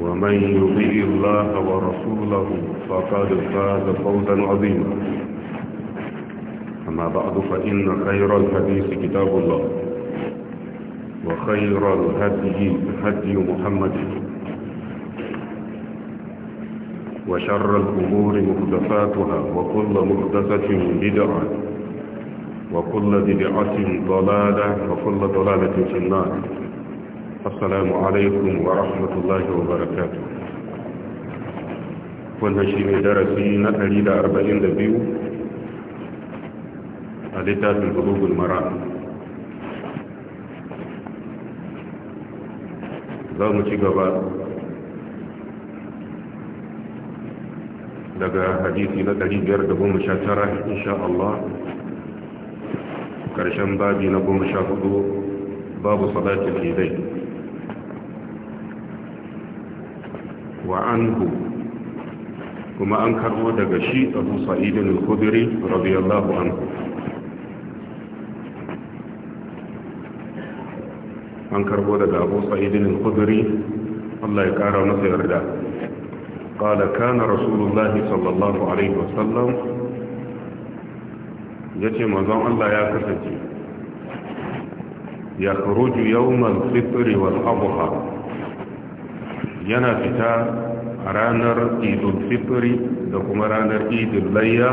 ومن يطيع الله ورسوله فقد فاز فوزا عظيما أما بعد فإن خير الحديث كتاب الله وخير الهدي هدي محمد وشر الأمور مهدفاتها وكل مهدفة بدعة وكل بدعة ضلالة وكل ضلالة في النار assalamu alaikum wa rahmatullahi wa wannan shi ne darasi na 142 a littafin bulugun mara za mu ci gaba daga hadisi na 519 insha Allah ƙarshen babi na 14 babu salatul wa anhu kuma an karbo daga shi abu sa'idin al-khudri radiyallahu anhu an karbo daga abu sa'idin al-khudri Allah ya kara masa yarda قال كان رسول الله صلى الله عليه وسلم يتي مزان الله يا كسجي يخرج يوم الفطر والأضحى yana fita a ranar idul fitri da kuma ranar idul layya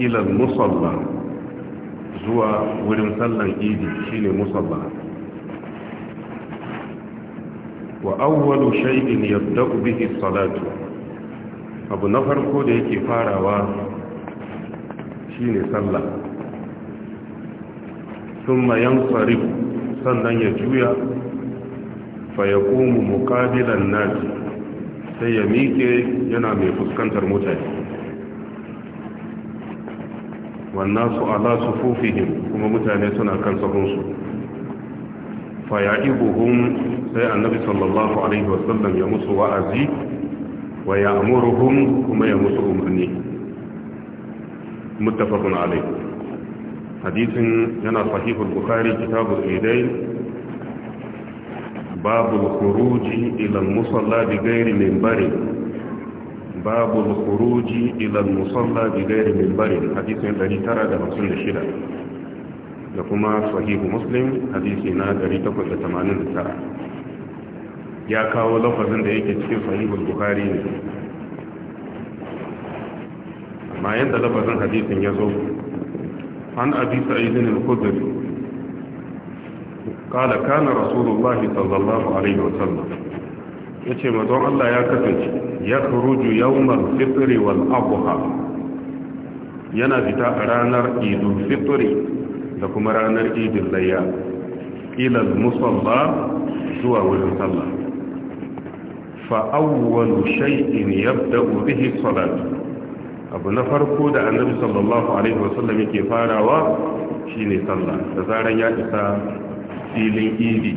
ilal musalla zuwa wurin sallan idi shine musalla wa awwalu shay'in yabda'u bihi salatu abu na farko da yake farawa shine sallah thumma yansarif sannan ya juya fa ya komu sai ya miƙe yana mai fuskantar mutane wannan su ala su fufihim kuma mutane suna kan sahunsu fa ya ibuhun sai annabi sallallahu alaihi wasallam ya musu wa'azi wa ya amuruhun kuma ya musu umarni muttafaqun alaihi hadisin yana sahihul bukhari kitabul idain babu al-khuruji ila al-musalla bi ghairi minbari babu al-khuruji ila al-musalla bi ghairi minbari hadisin 956 da kuma sahihu muslim hadisi na 889 ya kawo lafazin da yake cikin sahihul bukhari ne amma yanda lafazin hadisin ya zo an abi sa'idin al-khudri قال كان رسول الله صلى الله عليه وسلم yace mazan Allah ya kasance ya kuruju yawmal fitri wal adha yana fita a ranar idul fitri da kuma ranar idul layya ila musalla zuwa wurin sallah fa awwalu shay'in yabda'u bihi salatu abu na farko da annabi sallallahu alaihi wasallam yake farawa shine sallah da zaran ya isa filin idi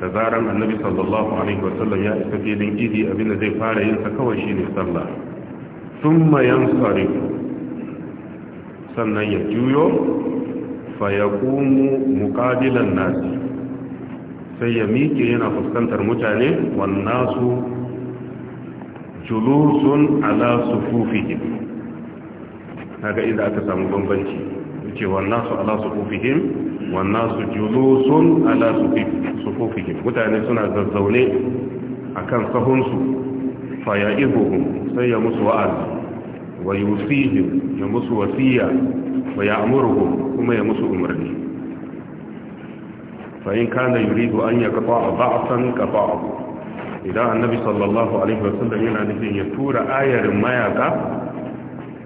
da zaran annabi sallallahu alaihi wasallam ya isa filin idi abinda zai fara yin sa kawai shine sallah thumma yansari sannan ya juyo fa yaqumu nasi sai ya miƙe yana fuskantar mutane wan julusun ala sufufihim kaga inda aka samu bambanci cewa nasu ala sufufihim والناس جلوس على صفوفهم متعني سنة الزوني أكان صهنسو فيعظهم سيمس وآل ويوسيهم يمس وسيا ويأمرهم كما يمس أمرني فإن كان يريد أن يقطع ضعفا قطعه إذا النبي صلى الله عليه وسلم ينادي يتور آية ما يقع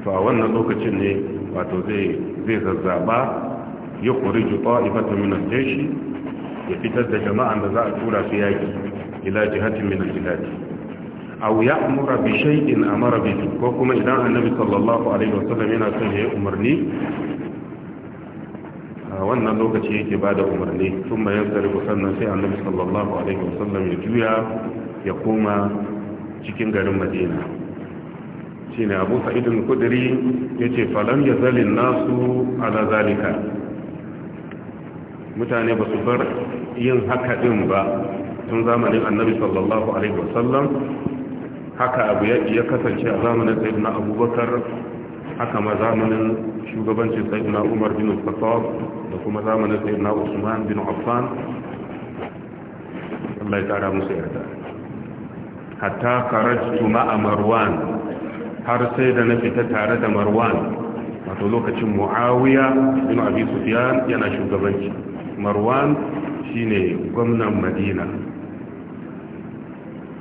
ذوك لوكتشني وتوزي زي الزعباء ya kori juta ifata minan jeshi ya fitar da jama'an da za a tura su yaki ila jihatin minan jihati aw ya'mura bi shay'in amara bihi ko kuma idan annabi sallallahu alaihi wasallam yana son ya umarni a wannan lokaci yake bada umarni Tun kuma yan sarrafa sannan sai annabi sallallahu alaihi wasallam ya juya ya koma cikin garin madina shine abu sa'id al-khudri yace falam yazalin nasu ala zalika mutane ba su bar yin haka din ba tun zamanin annabi sallallahu alaihi wasallam haka abu ya kasance a zamanin sayyidina abubakar haka ma zamanin shugabancin sayyidina umar bin khattab da kuma zamanin sayyidina usman bin affan Allah ya kara musu yarda hatta karajtu ma'a marwan har sai da na fita tare da marwan wato lokacin muawiya bin abi sufyan yana shugabanci marwan shine gwamnan madina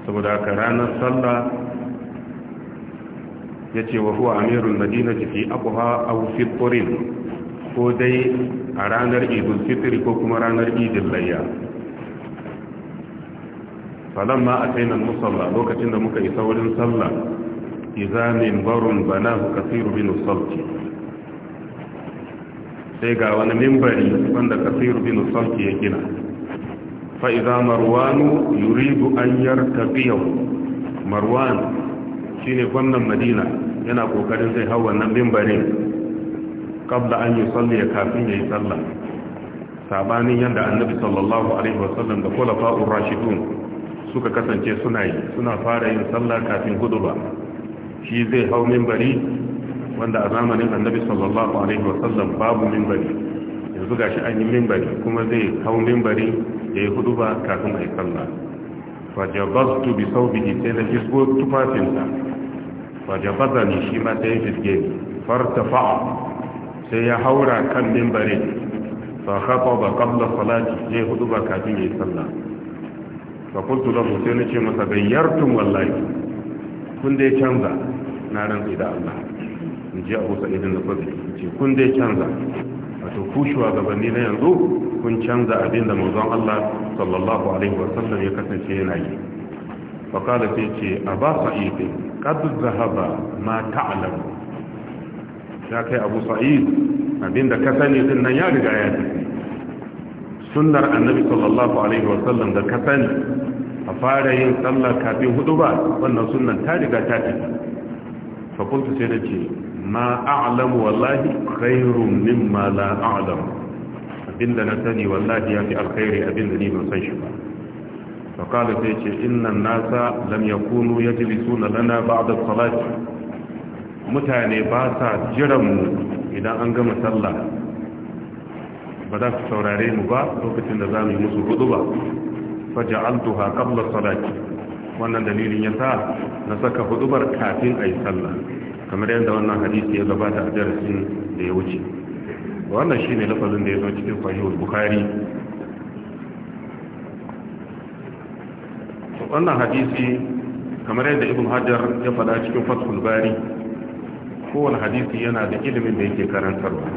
saboda haka ranar sallah ya ce wa huwa amirul madina jiki abuha aw ko dai a ranar idul fitri ko kuma ranar idul layya a atayna musalla lokacin da muka isa wurin sallah idza barun bana kathiru bin salti sai ga wani mimbari wanda kasiru bin sauki ya gina fa'iza marwanu yuridu an yartabiyau marwan shi gwamnan madina yana kokarin zai hau wannan mimbarin kabla an yi salli ya kafin ya yi sallah sabanin yadda annabi sallallahu alaihi wasallam da kula fa'un rashidun suka kasance suna yi suna fara yin sallah kafin gudu ba shi zai hau mimbari wanda a zamanin annabi sallallahu alaihi wasallam babu mimbari yanzu gashi an yi mimbari kuma zai hau mimbari ya yi hudu ba kafin a yi sallah fajabastu bi saubihi sai na fisgo tufafinsa fajabaza ne shi ma sai ya fisge fartafa'a sai ya haura kan mimbari fa khafa ba qabla salati ya yi hudu ba kafin ya yi sallah fa kuntu lahu sai na ce masa bayyartum wallahi kun dai canza na rantsi da Allah in ji abu sa'idin da kwazi ce kun dai canza a wato ku shugabanni na yanzu kun canza abin da manzon Allah sallallahu alaihi wasallam ya kasance yana yi fakala sai ce a ba sa'id qad zahaba ma ta'lam ya kai abu sa'id abin da ka sani din nan ya riga ya tafi sunnar annabi sallallahu alaihi wasallam da kasani a fara yin sallah kafin hudu ba wannan sunnan ta riga ta tafi fakultu sai da ce ما أعلم والله خير مما لا أعلم أبن لنساني والله يأتي الخير أبن لني من سيشفى فقال سيشي إن الناس لم يكونوا يجلسون لنا بعد الصلاة متعني باسا جرم إذا أنقم سلا بدأت شوراري مبار توقف النظام يمسو غضبا فجعلتها قبل الصلاة وأن دليل ينسى نسك غضبا كافين أي سلا kamar yadda wannan hadisi ya gabata a darasin da ya wuce wannan shi ne lafazin da ya zo cikin fahimul bukari wannan hadisi kamar yadda ibn hajar ya faɗa cikin fatul bari kowane hadisi yana da ilimin da yake karantarwa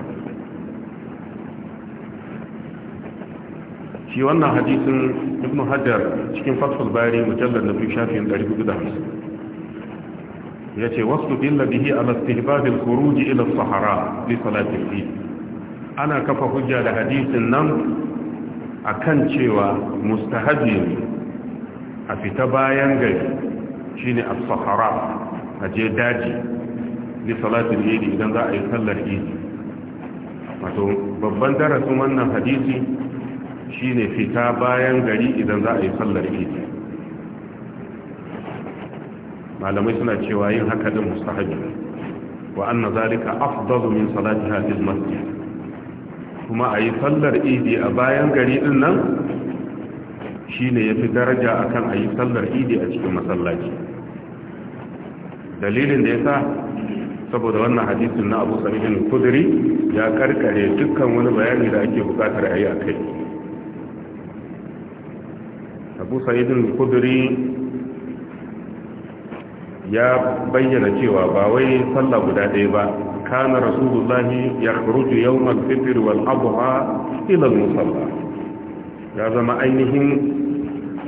shi wannan hadisin ibn hajar cikin fatul bari mujallar na fi shafin 450 ya ce wasu dilla bihi a istihbabil kuruji ila sahara li salati fi ana kafa hujja da hadisin nan a kan cewa mustahabi a fita bayan gari shi shine as-sahara je daji li salati al idan za a yi sallar eid wato babban darasin wannan hadisi ne fita bayan gari idan za a yi sallar eid malamai suna cewa yin haka din mustahabi wa anna zalika afdalu min salati hadhihi masjid kuma ayi sallar idi a bayan gari din nan shine yafi daraja akan ayi sallar idi a cikin masallaci dalilin da yasa saboda wannan hadisin na Abu Sa'id al-Khudri ya karkare dukkan wani bayani da ake bukatar ayi akai Abu Sa'id al-Khudri ya bayyana cewa ba wai sallah guda ɗaya ba kana rasulullahi ya kurutu yau malfifir wal abuwa ilan musalla ya zama ainihin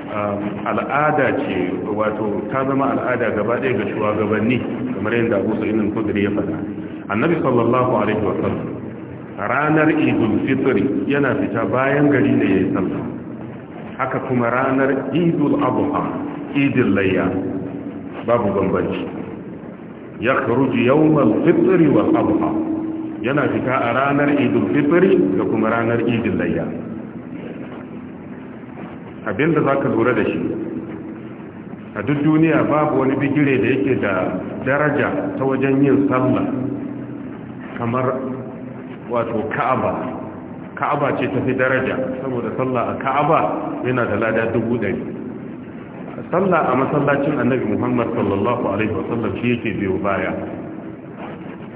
um, al'ada ce wato ta zama al'ada gaba ɗaya ga shugabanni kamar yadda abu sa'inin kudiri ya faɗa annabi sallallahu alaihi wa sallam ranar idul fitri yana fita bayan gari da ya yi sallah haka kuma ranar idul abuwa idul layya babu bambanci ya karuji yawon fitri wa yana fita a ranar idul fitri da kuma ranar idul layya abinda za ka lura da shi a duk duniya babu wani bigire da yake da daraja ta wajen yin sallah kamar wato ka'aba ka'aba ce ta fi daraja saboda sallah a ka'aba yana da lada dubu ɗari Salla a masallacin annabi muhammad sallallahu alaihi wasallam shi yake biyo baya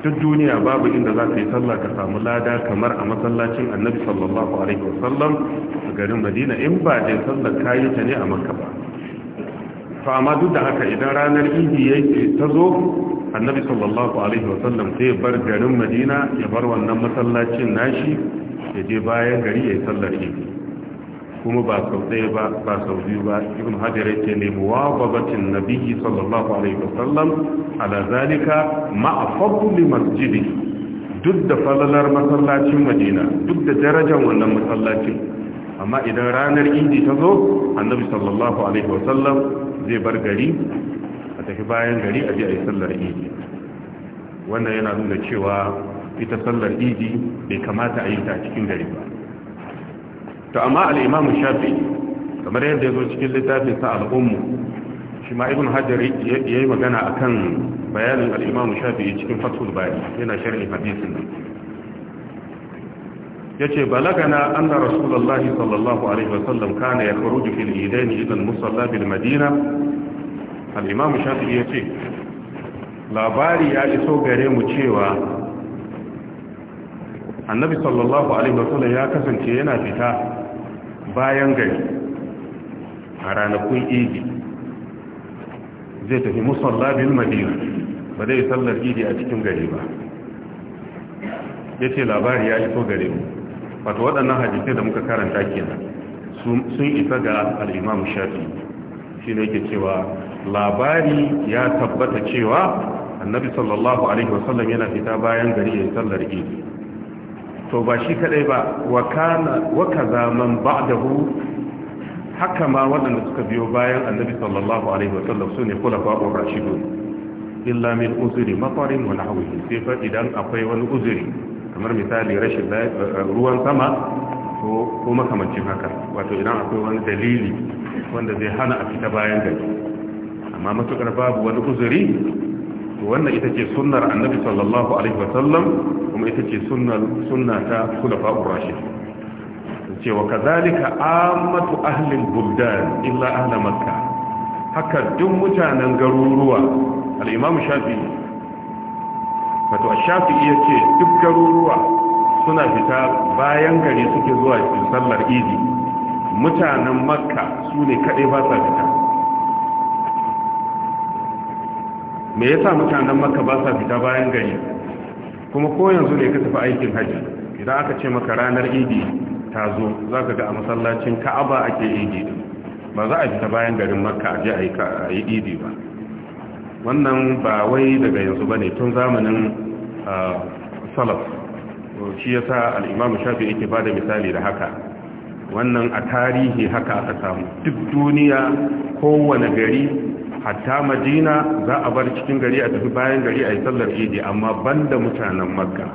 duk duniya babu inda za ka yi salla ka samu lada kamar a masallacin annabi sallallahu alaihi wasallam a garin madina in ba dai sallar kayi ta ne a makka ba to amma duk da haka idan ranar idi yake ta zo annabi sallallahu alaihi wasallam sai bar garin madina ya bar wannan masallacin nashi ya je bayan gari ya yi sallar idi kuma ba sau ɗaya ba ba sau biyu ba ibn hajar yake ne muwafabatin nabiyyi sallallahu alaihi wasallam ala zalika ma'a fadli masjidi duk da falalar masallacin madina duk da darajar wannan masallacin amma idan ranar idi ta zo annabi sallallahu alaihi wasallam zai bar gari a tafi bayan gari a je a yi sallar idi wannan yana nuna cewa ita sallar idi bai kamata a yi ta cikin gari ba to amma al shafi kamar yadda ya zo cikin littafin sa al-ummu shi ma ibn hajar yayi magana akan bayanin al shafi cikin fathul bari yana sharhi hadisin nan yace balagana anna rasulullahi sallallahu alaihi wasallam kana yakhruju fil idain ila idan musalla bil madina al Shafi ya ce. labari ya iso gare mu cewa annabi sallallahu alaihi wasallam ya kasance yana fita bayan gari a ranakun idi zai tafi musalla bin madina ba zai sallar idi a cikin gari ba ya ce labari ya iso gare mu wato waɗannan hadisai da muka karanta kenan sun isa ga al'imam shafi shi ne ke cewa labari ya tabbata cewa annabi sallallahu alaihi wasallam yana fita bayan gari ya sallar idi to ba shi kadai ba wa kana wa kaza man ba'dahu haka ma waɗanda suka biyo bayan annabi sallallahu alaihi wasallam su ne kula fa'o rashidu illa min uzuri mafarin wa nahwihi sai fa idan akwai wani uzuri kamar misali rashin eh, ruwan sama ko makamancin haka wato idan akwai wani dalili wanda zai hana a fita bayan gari amma matukar babu wani uzuri wannan ita ce sunnar annabi sallallahu alaihi wasallam kuma ita ce sunnar sunna ta khulafa'ur rashid ce wa kadhalika ammatu buldan illa ahli haka duk mutanen garuruwa al-imam shafi'i wato shafi'i yace duk garuruwa suna fita bayan gari suke zuwa sallar idi mutanen makka su ne basa ba sa fita me yasa mutanen makka ba sa fita bayan gari kuma ko yanzu ne ka tafi aikin haji idan aka ce maka ranar idi ta zo za ka ga a masallacin ka'aba ake idi ba za a fita bayan garin makka a je a yi idi ba wannan ba wai daga yanzu ba ne tun zamanin ah, salaf shi ya sa al'imamu shafi yake ba da misali da haka wannan a tarihi haka aka samu duk duniya kowane gari hatta madina za a bar cikin gari a tafi bayan gari a yi sallar idi amma banda mutanen makka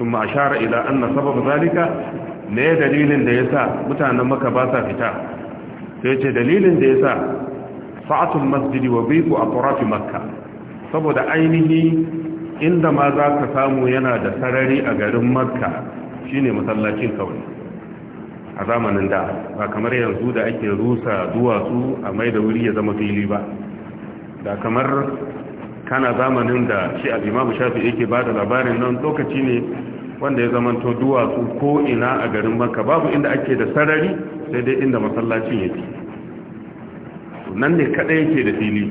sun ma'ashara ila an na sabab zalika ne dalilin da ya sa mutanen makka ba sa fita sai ce dalilin da ya sa fa'atun masjidi wa biku a turafi makka saboda ainihi inda ma za ka samu yana da sarari a garin makka shine masallacin kawai a zamanin da ba kamar yanzu da ake rusa duwatsu a mai da wuri ya zama fili ba da kamar kana zamanin da shi al'imamu shafi yake ba da labarin nan lokaci ne wanda ya zamanto duwatsu ko ina a garin maka babu inda ake da sarari sai dai inda masallacin yake nan ne kada yake da fili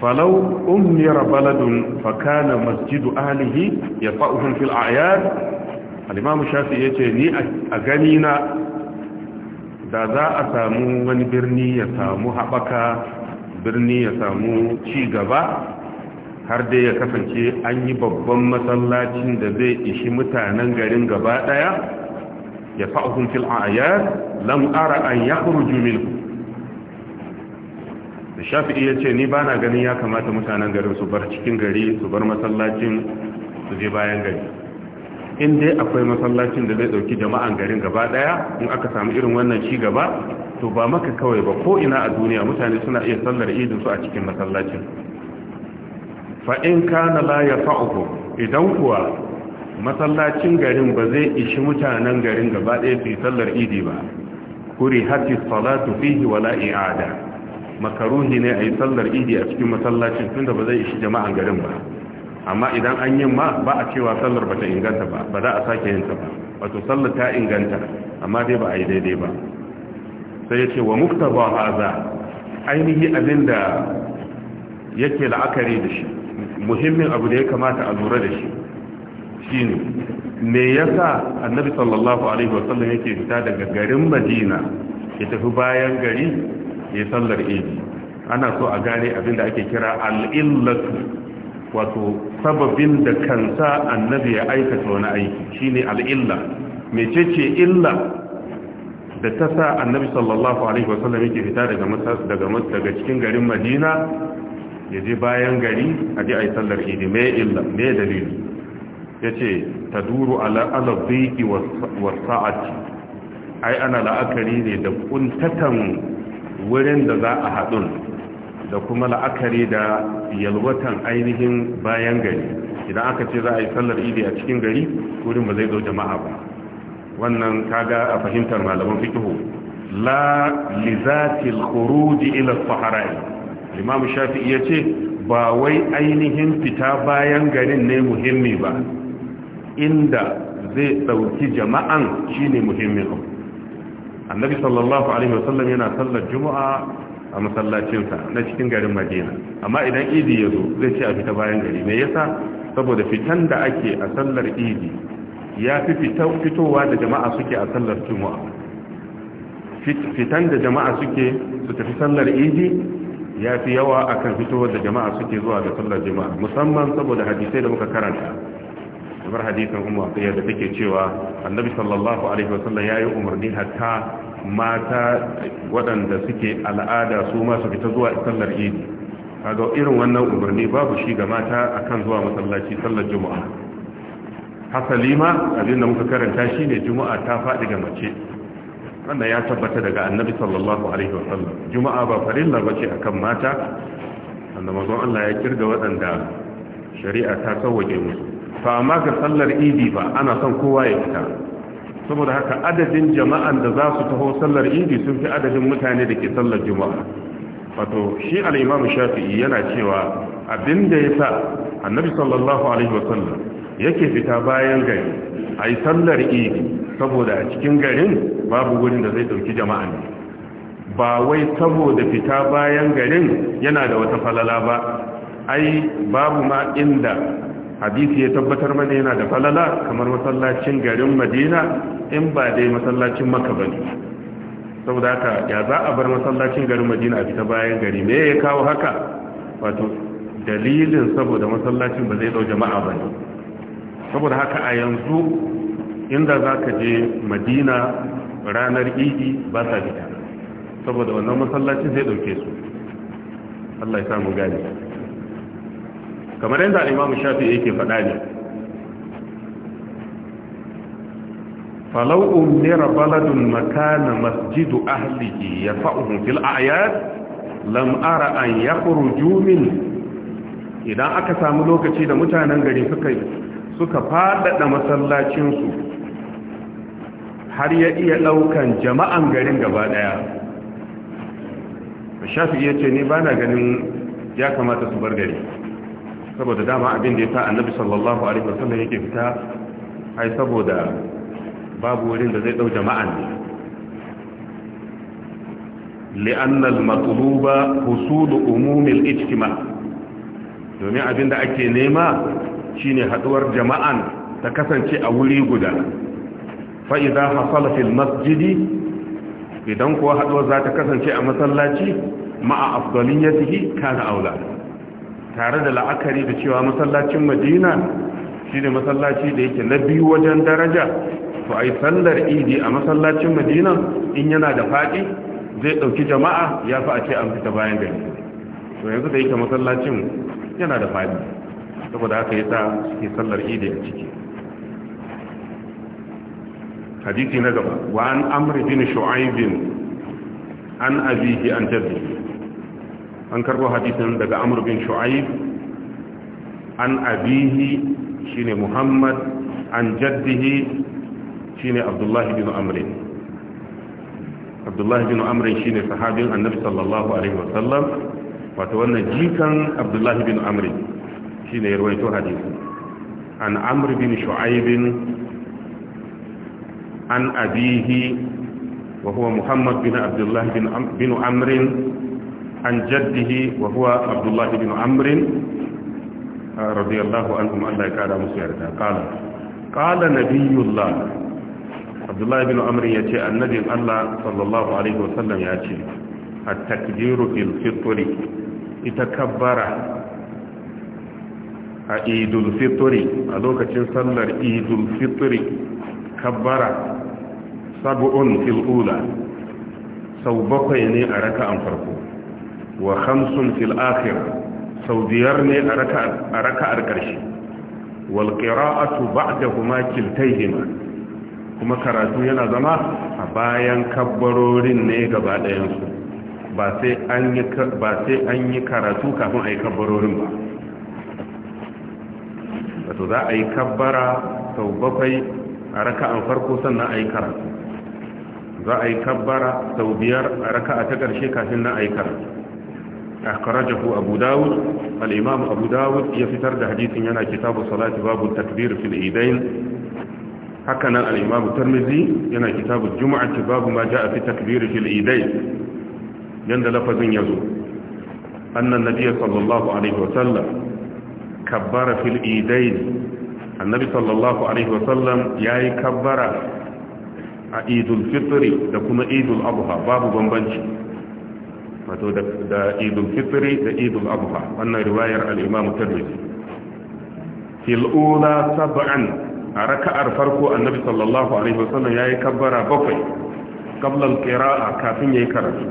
falau umira baladun fakana masjidu ahlihi ya fa'uhun fil a'yad al'imamu shafi ya ce ni a gani na da za a samu wani birni ya samu haɓaka birni ya samu ci gaba har dai ya kasance an yi babban masallacin da zai ishi mutanen garin gaba ɗaya ya fa'ahun fil ayar lam'ara an ya kuru da shafi'i ya ce ni ba na ganin ya kamata mutanen garin su bar cikin gari su bar masallacin su je bayan gari in dai akwai masallacin da zai dauki jama'an garin gaba daya in aka samu irin wannan ci gaba to ba maka kawai ba ko ina a duniya mutane suna iya sallar idin su a cikin masallacin fa in kana la idan kuwa masallacin garin ba zai ishi mutanen garin gaba daya su sallar idi ba kuri hatis salatu fihi wala i'ada makaruhi ne yi sallar idi a cikin masallacin tunda ba zai ishi jama'an garin ba amma idan an yi ma ba a cewa sallar ba ta inganta ba ba za a sake yin ta ba wato sallar ta inganta amma dai ba a yi daidai ba sai ya ce wa muktaba haza ainihi abin da yake la'akari da shi muhimmin abu da ya kamata a lura da shi shi ne me ya sa annabi sallallahu alaihi wasallam yake fita daga garin madina ya tafi bayan gari ya sallar idi ana so a gane abin da ake kira al'illatu wato sababin da kansa annabi ya aikata wani aiki shine al'illa mecece illa da ta sa annabi sallallahu alaihi wasallam yake fita daga daga daga cikin garin Madina ya je bayan gari a ji ai sallar idi me illa me dalili yace taduru ala al-dhiqi was ai ana la'akari ne da kuntatan wurin da za a haɗun da kuma la'akari da yalwatan ainihin bayan gari idan aka ce za a yi sallar idi a cikin gari wurin ba zai zo jama'a ba wannan kaga a fahimtar malaman fikihu la lizatil khuruji ila sahara'i imam shafi'i yace ba wai ainihin fita bayan garin ne muhimmi ba inda zai dauki jama'an shine muhimmin annabi sallallahu alaihi wasallam yana sallar juma'a a masallacinsa na cikin garin madina amma idan idi ya zo zai ce a fita bayan gari me yasa saboda fitan da ake a sallar idi ya fi fitowa da jama'a suke a sallar juma'a fitan da jama'a suke su tafi sallar idi ya fi yawa akan fitowar da jama'a suke zuwa da sallar juma'a musamman saboda hadisai da muka karanta kamar hadisin umma da take cewa annabi sallallahu alaihi wasallam yayi umarni hatta mata waɗanda suke al'ada su masu fita zuwa sallar idi kaga irin wannan umarni babu shi ga mata akan zuwa masallaci sallar juma'a hasali ma abin da muka karanta shine juma'a ta faɗi ga mace wannan ya tabbata daga annabi sallallahu alaihi wasallam juma'a ba farilla bace akan mata wanda Allah ya kirga waɗanda shari'a ta sauwake musu Ba ma ga sallar idi ba ana son kowa ya fita saboda haka adadin jama'an da za su taho sallar idi sun fi adadin mutane da ke sallar juma'a wato shi al'imamu shafi'i yana cewa abinda ya sa annabi sallallahu alaihi wasallam yake fita bayan gari a yi sallar idi saboda a cikin garin babu wurin da zai ɗauki jama'a ne ba wai saboda fita bayan garin yana da wata falala ba ai babu ma inda hadisi ya tabbatar mana yana da falala kamar masallacin garin madina in ba dai masallacin maka ba ne saboda haka ya za a bar masallacin garin madina a fita bayan gari me ya kawo haka wato dalilin saboda masallacin ba zai dau jama'a ba ne saboda haka a yanzu inda za ka je madina ranar idi ba sa fita saboda wannan masallacin zai dauke su Allah ya samu gani kamar yadda al'imamu shafi yake faɗa ne falau'un nera baladun makana masjidu ahliki ya fa'uhun fil ayat lam an ya min idan aka samu lokaci da mutanen gari suka faɗaɗa masallacinsu har ya iya ɗaukan jama'an garin gaba ɗaya shafi iya ce ne ba na ganin ya kamata su bar gari saboda dama abin da ya sa annabi sallallahu alaihi wasallam yake fita ai saboda babu wurin da zai dau jama'an ne لأن المطلوب حصول أموم الاجتماع domin abin da ake nema shine haduwar jama'an ta kasance a wuri guda fa idza hasala fil masjid idan kuwa haduwar za ta kasance a masallaci ma'a afdaliyatihi kana aula tare da la'akari da cewa masallacin madina shi ne masallaci da yake na biyu wajen daraja to a yi sallar idi a masallacin madina in yana da faɗi zai ɗauki jama'a ya fi a ce an fita bayan gari to yanzu da yake masallacin yana da faɗi saboda haka yi ta suke sallar idi a ciki hadisi na gaba wa an amri bin shu'aibin an abihi an jaddi an karbo hadisin daga amr bin shu'aib an abihi shine muhammad an jaddihi shine abdullahi bin amr abdullahi bin amr shine sahabin annabi sallallahu alaihi wasallam wato wannan jikan abdullahi bin amr shine ya rawaito hadisin an amr bin shu'aib an abihi wa huwa Muhammad عبد Abdullahi بن عمرو an jaddihi wa huwa abdullah ibn amr radiyallahu anhum Allah ya kara musu yarda qala qala nabiyullah abdullah ibn amr yace annabin Allah sallallahu alaihi wasallam yace at-takbiru fil fitri ita kabbara a idul fitri a lokacin sallar idul fitri kabbara sab'un sau bakwai ne a raka'an farko wa khamsun fil akhir sau biyar ne a raka'ar ƙarshe wal qira'atu ba'dahuma kiltayhima kuma karatu yana zama a bayan kabbarorin ne gaba ɗayan su ba sai an yi ba sai an yi karatu kafin a yi kabbarorin ba wato za a yi kabbara sau bakwai a raka'an farko sannan a yi karatu za a yi kabbara sau biyar a raka'a ta ƙarshe kafin na a yi karatu akhrajahu abu dawud al abu dawud ya fitar da hadisin yana kitabu salati babu takbir fil idain haka nan al-imam tirmidhi babu ma jaa fi takbir fil idain yanda lafazin yazo annan nabiy sallallahu alaihi wa sallam kabbara fil idain annabi sallallahu alaihi wa sallam yayi kabbara a idul fitri da kuma idul adha babu bambanci wato da idul fitri da idul adha wannan riwayar al-imam tirmidhi fil ula sab'an a raka'ar farko annabi sallallahu alaihi wasallam yi kabbara bakwai qabla al-qira'a kafin yayi karatu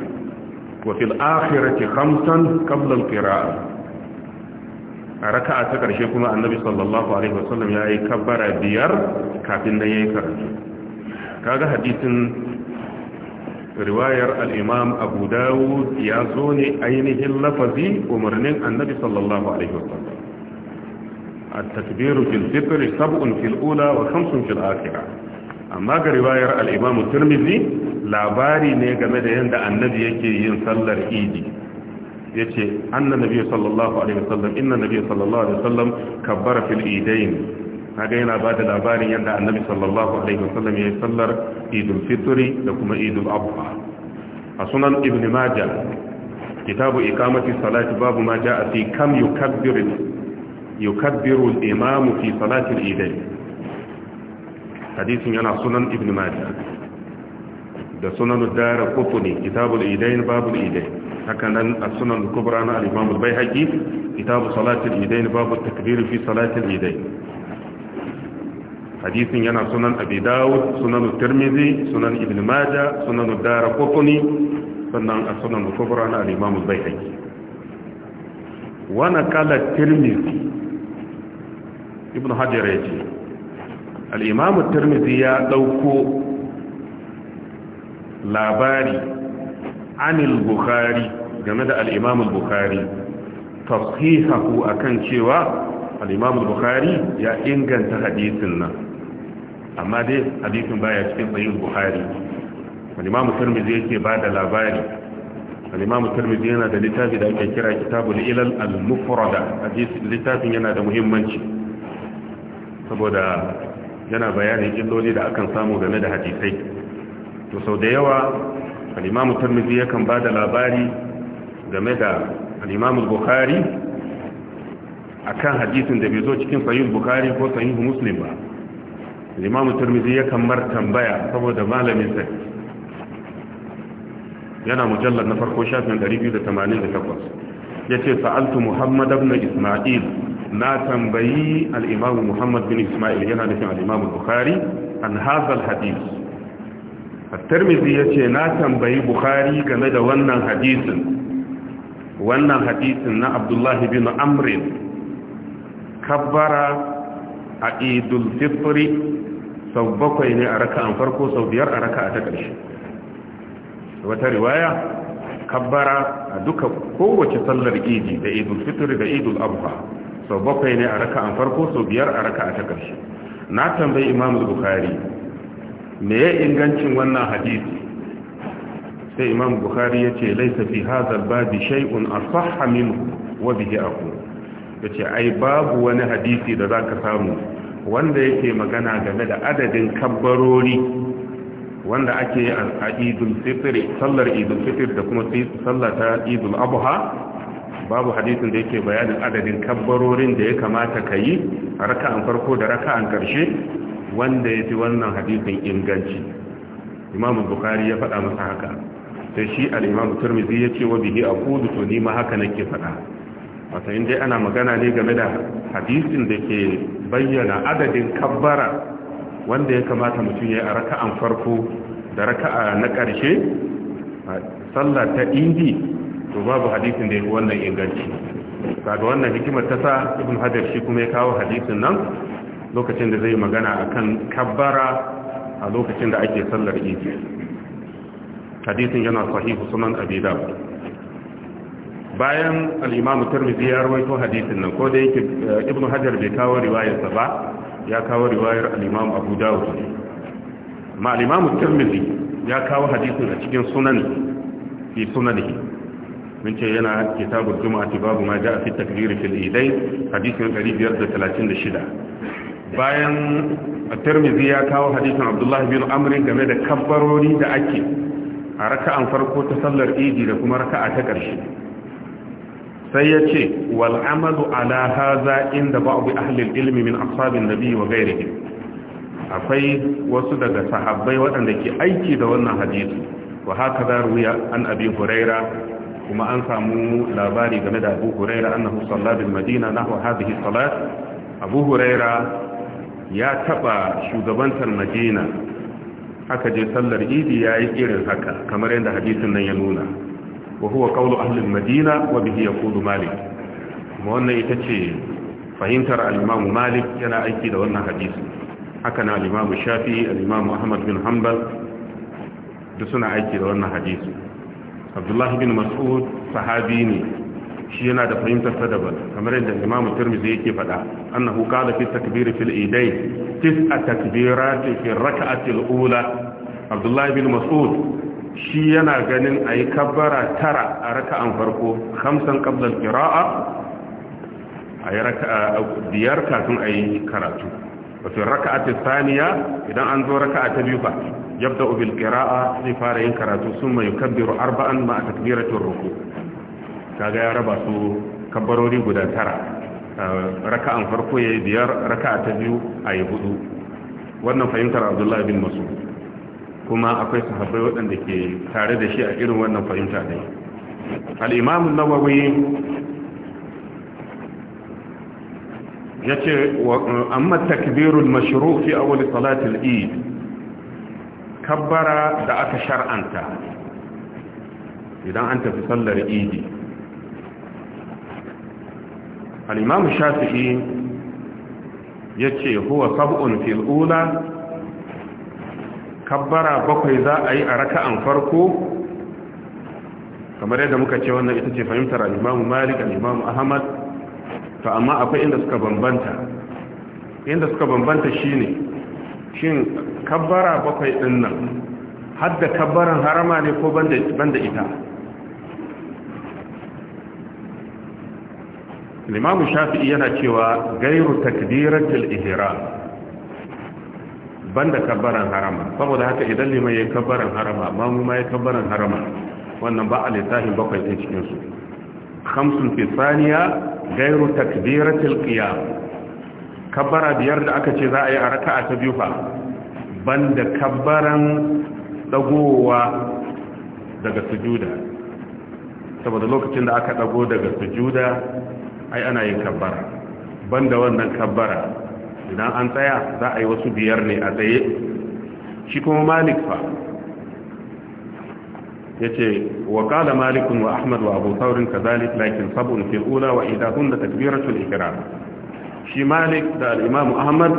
wa fil akhirati khamsan qabla al-qira'a a raka'a ta karshe kuma annabi sallallahu alaihi wasallam yi kabbara biyar kafin da ya yayi karatu kaga hadisin riwayar al'imam abu dawud ya zo ne ainihin lafazi umarnin annabi sallallahu alaihi wasallam التكبير في الفطر سبع في الأولى وخمس في الآخرة amma ga riwayar al'imamu turmizi labari ne game da yadda annabi yake yin sallar idi ya ce annan nabi sallallahu alaihi wasallam inna nabi sallallahu alaihi wasallam kabbara fil idain na kaga yana ba da labarin yadda annabi sallallahu alaihi wasallam ya yi sallar idul fitri da kuma idul adha a sunan ibn majah kitabu ikamati salati babu ma a fi kam yukabbiru yukabbiru al-imamu fi salatin al hadisin yana sunan ibn majah da sunan dara kufuni kitabu idain babu idain haka nan a sunan kubra na al-imam al-baihaqi kitabu salatin idain babu takbiri fi salatin idain hadisin yana sunan abi dawud sunan tirmidhi sunan ibn majah sunan darqutni sunan as-sunan kubra na al-imam az-baihaqi Wana kala tirmidhi ibn hajar yace al-imam tirmidhi ya dauko labari anil bukhari game da al-imam al-bukhari tashihahu akan cewa al-imam al-bukhari ya inganta hadisin nan amma dai hadisin baya cikin sahih bukhari al-imam tirmidhi yake ba da labari al tarmizi tirmidhi yana da littafi da ake kira kitabul ilal al-mufrada hadisi littafin yana da muhimmanci saboda yana bayanin illoli da akan samu game da hadisai to sau da yawa al-imam tirmidhi yakan ba da labari game da al-imam bukhari akan hadisin da bai zo cikin sahih bukhari ko sahih muslim ba limamu turmizi ya kamar tambaya saboda malamin sai yana mujallar na farko shafin 288 ya ce sa'altu muhammad abin ismail na tambayi al'imamu muhammad bin ismail yana nufin al'imamu bukari an hazal hadis turmizi ya ce na tambayi bukari game da wannan hadisin wannan hadisin na abdullahi bin amrin kabbara a idul fitri sau bakwai ne a raka'an farko sau biyar a raka'a ta ƙarshe wata riwaya kabbara a duka kowace sallar idi da idul fitri da idul abha sau bakwai ne a raka'an farko sau biyar a raka'a ta ƙarshe na tambayi imam bukhari me ya ingancin wannan hadisi sai imam bukhari ya ce laisa fi hadha babi shay'un asahha minhu wa bihi aqul yace ai babu wani hadisi da za ka samu wanda yake magana game da adadin kabbarori wanda ake a idul fitr sallar idul fitr da kuma sallar ta idul abuha babu hadisin da yake bayanin adadin kabbarorin da ya kamata ka yi a raka'an farko da raka'an karshe wanda ya fi wannan hadisin inganci imamu bukari ya faɗa masa haka sai shi al'imamu turmizi ya ce wa bihi a kudu to nima haka nake faɗa wata inda ana magana ne game da hadisin da ke bayyana adadin kabbara wanda ya kamata mutum ya yi a raka'an farko da raka'a na ƙarshe sallar ta indi to babu hadisin da ya wannan inganci kaga wannan hikimar ta sa ibn hajar shi kuma ya kawo hadisin nan lokacin da zai magana a kan kabbara a lokacin da ake sallar indi hadisin yana sahihu sunan abi bayan al-imam ya rawaito hadisin nan ko da yake eh, ibnu hajar bai kawo riwayarsa ba ya kawo riwayar al-imam abu dawud ma al-imam ya kawo hadisin a cikin sunani. fi sunanihi mun ce yana kitabul jumu'ati babu ma ja'a fi takbir fil idain hadisin 536 bayan tirmizi ya kawo hadisin abdullahi bin amrin game da kabbarori da ake a raka'an farko ta sallar idi da kuma raka'a ta ƙarshe sai ya ce wal amalu za haza inda ba'd ahli ilmi min asabin nabi wa ghairihi akwai wasu daga sahabbai waɗanda ke aiki da wannan hadisi wa haka da ruya an abin huraira kuma an samu labari game da abu huraira annahu salla bil madina nahwa hadhihi salat abu huraira ya taɓa shugabantar madina aka je sallar idi yayi irin haka kamar yadda hadisin nan ya nuna wa Kaulu qawlu ahli madina wa bihi yaqulu malik kuma wannan ita ce fahimtar al-imam malik yana aiki da wannan hadisi haka na al-imam shafi'i ahmad bin hanbal duk suna aiki da wannan hadisi abdullahi bin mas'ud sahabi ne shi yana da fahimtar ta daban kamar yadda imamu tirmidhi yake faɗa annahu qala fi takbir fil a tis'a takbirat fi rak'ati al-ula abdullahi bin mas'ud shi yana ganin a yi kabbara tara a raka'an farko hamsin ƙablar kira'a a yi biyar kafin a yi karatu wato raka'atun saniya idan an zo raka'a ta biyu ba yadda ubil kira'a sai fara yin karatu sun mai kabbiru arba'an ma a takbiratun ruku kaga ya raba su kabbarori guda tara raka'an farko ya yi biyar raka'a ta biyu a yi hudu wannan fahimtar abdullahi bin masu kuma akwai sahabbai waɗanda ke tare da shi a irin wannan fahimta ne al'imamun nawawi ya ce amma takbirul mashru fi awali salatul eid kabbara da aka shar'anta idan an tafi sallar idi al'imamun shafi'i ya ce huwa sab'un fil'ula kabbara bakwai za a yi a raka'an farko kamar yadda muka ce wannan ita ce fahimtar al'imamu malik al'imamu ahmad to amma akwai inda suka bambanta inda suka bambanta shine shin kabbara bakwai din nan hadda kabbaran harama ne ko banda ita limamu shafi'i yana cewa gairu takbiratul ihram banda kabbaran harama saboda haka idan liman ya kabbaran harama amma ma ya kabbaran harama wannan ba a bakwai ɗin cikinsu hamsin fi gairu takbiratul qiyam kabbara biyar da aka ce za a yi a raka'a ta biyu fa banda kabbaran dagowa daga sujuda saboda lokacin da aka dago daga sujuda ai ana yin kabbara banda wannan kabbara idan an tsaya za a yi wasu biyar ne a tsaye shi kuma malik fa ya ce wa kala malikun wa ahmad wa abu saurin ka zalik lakin sabon fil'ula wa idahun da takbiratul ikira shi malik da al'imamu ahmad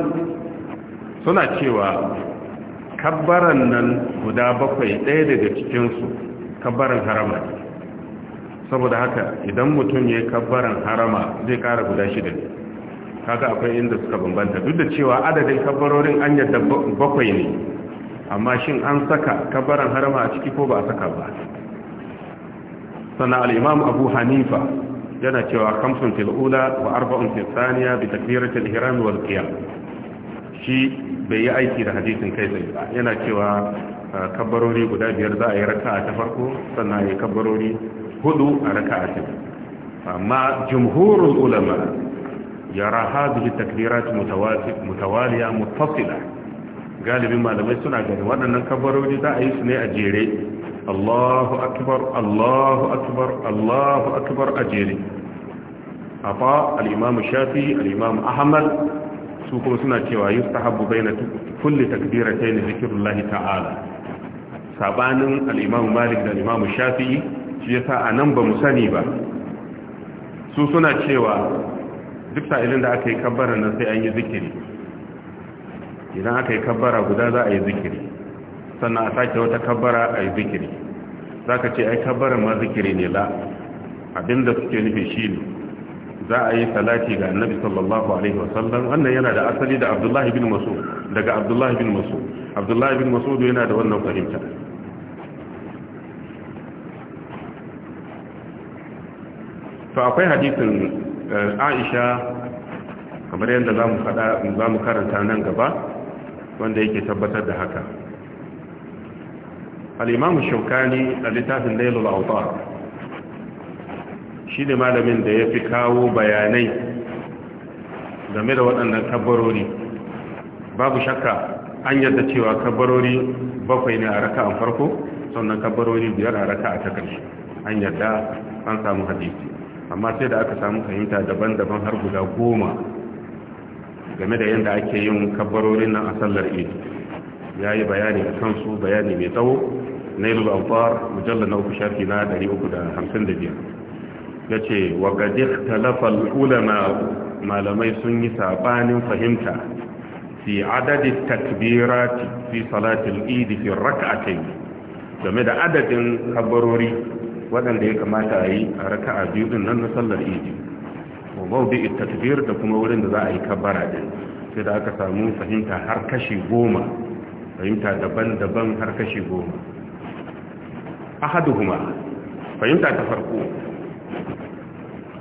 suna cewa kabbaran nan guda bakwai ɗaya daga cikinsu kabbaran harama saboda haka idan mutum ya kabbaran harama zai ƙara guda shida ne kaga akwai inda suka bambanta duk da cewa adadin kabarorin an yadda bakwai ne amma shin an saka kabaran harama a ciki ko ba a saka ba sannan al'imam abu hanifa yana cewa kamsun fil'ula wa arba'un filsaniya bi tafiyarci tilhiran wal shi bai yi aiki da hadisin kai zai ba yana cewa uh, kabarori guda biyar za a yi a ta farko sannan a yi kabarori hudu a raka a ta amma jumhurul ulama yara hadhihi takbirat mutawaliya muttasila galibin malamai suna gani waɗannan kabarori za a yi su ne a jere Allahu akbar Allahu akbar Allahu akbar a jere afa al-imam shafi al-imam ahmad su kuma suna cewa yustahabbu baina kulli takbiratayn zikrullahi ta'ala sabanin al-imam malik da al-imam shafi shi yasa anan ba mu sani ba su suna cewa duk sa'ilin da aka yi kabbara nan sai an yi zikiri idan aka yi kabbara guda za a yi zikiri sannan a sake wata kabbara a yi zikiri za ka ce ai kabbara ma zikiri ne la abinda suke nufi shi ne za a yi salati ga annabi sallallahu alaihi wasallam wannan yana da asali da abdullahi bin masud daga abdullahi bin masud abdullahi bin masud yana da wannan fahimta to akwai hadisin Eh, aisha kamar yadda za mu karanta nan gaba wanda yake tabbatar da haka al'imamu shaukani a littafin dailul autar shi ne malamin da ya fi kawo bayanai game da waɗannan kabarori, babu shakka an yadda cewa kabarori bakwai ne a raka an farko sannan kabarori biyar a raka a ƙarshe an yadda an samu hadisi amma sai da aka samu fahimta daban-daban har guda goma game da yadda ake yin kabbarorin nan a sallar idi ya yi bayani a kansu bayani mai tsawo na yi alfar mujallar na uku shafi na 355 ya ce wa gadik talafal ulama malamai sun yi sabanin fahimta fi adadin takbirati fi salatul idi fi raka'atayn game da adadin kabbarori waɗanda ya kamata a yi a raka a biyu din nan na sallar idi wa mawdi takbir da kuma wurin da za a yi kabbara din sai da aka samu fahimta har kashi goma fahimta daban-daban har kashi goma A ahaduhuma fahimta ta farko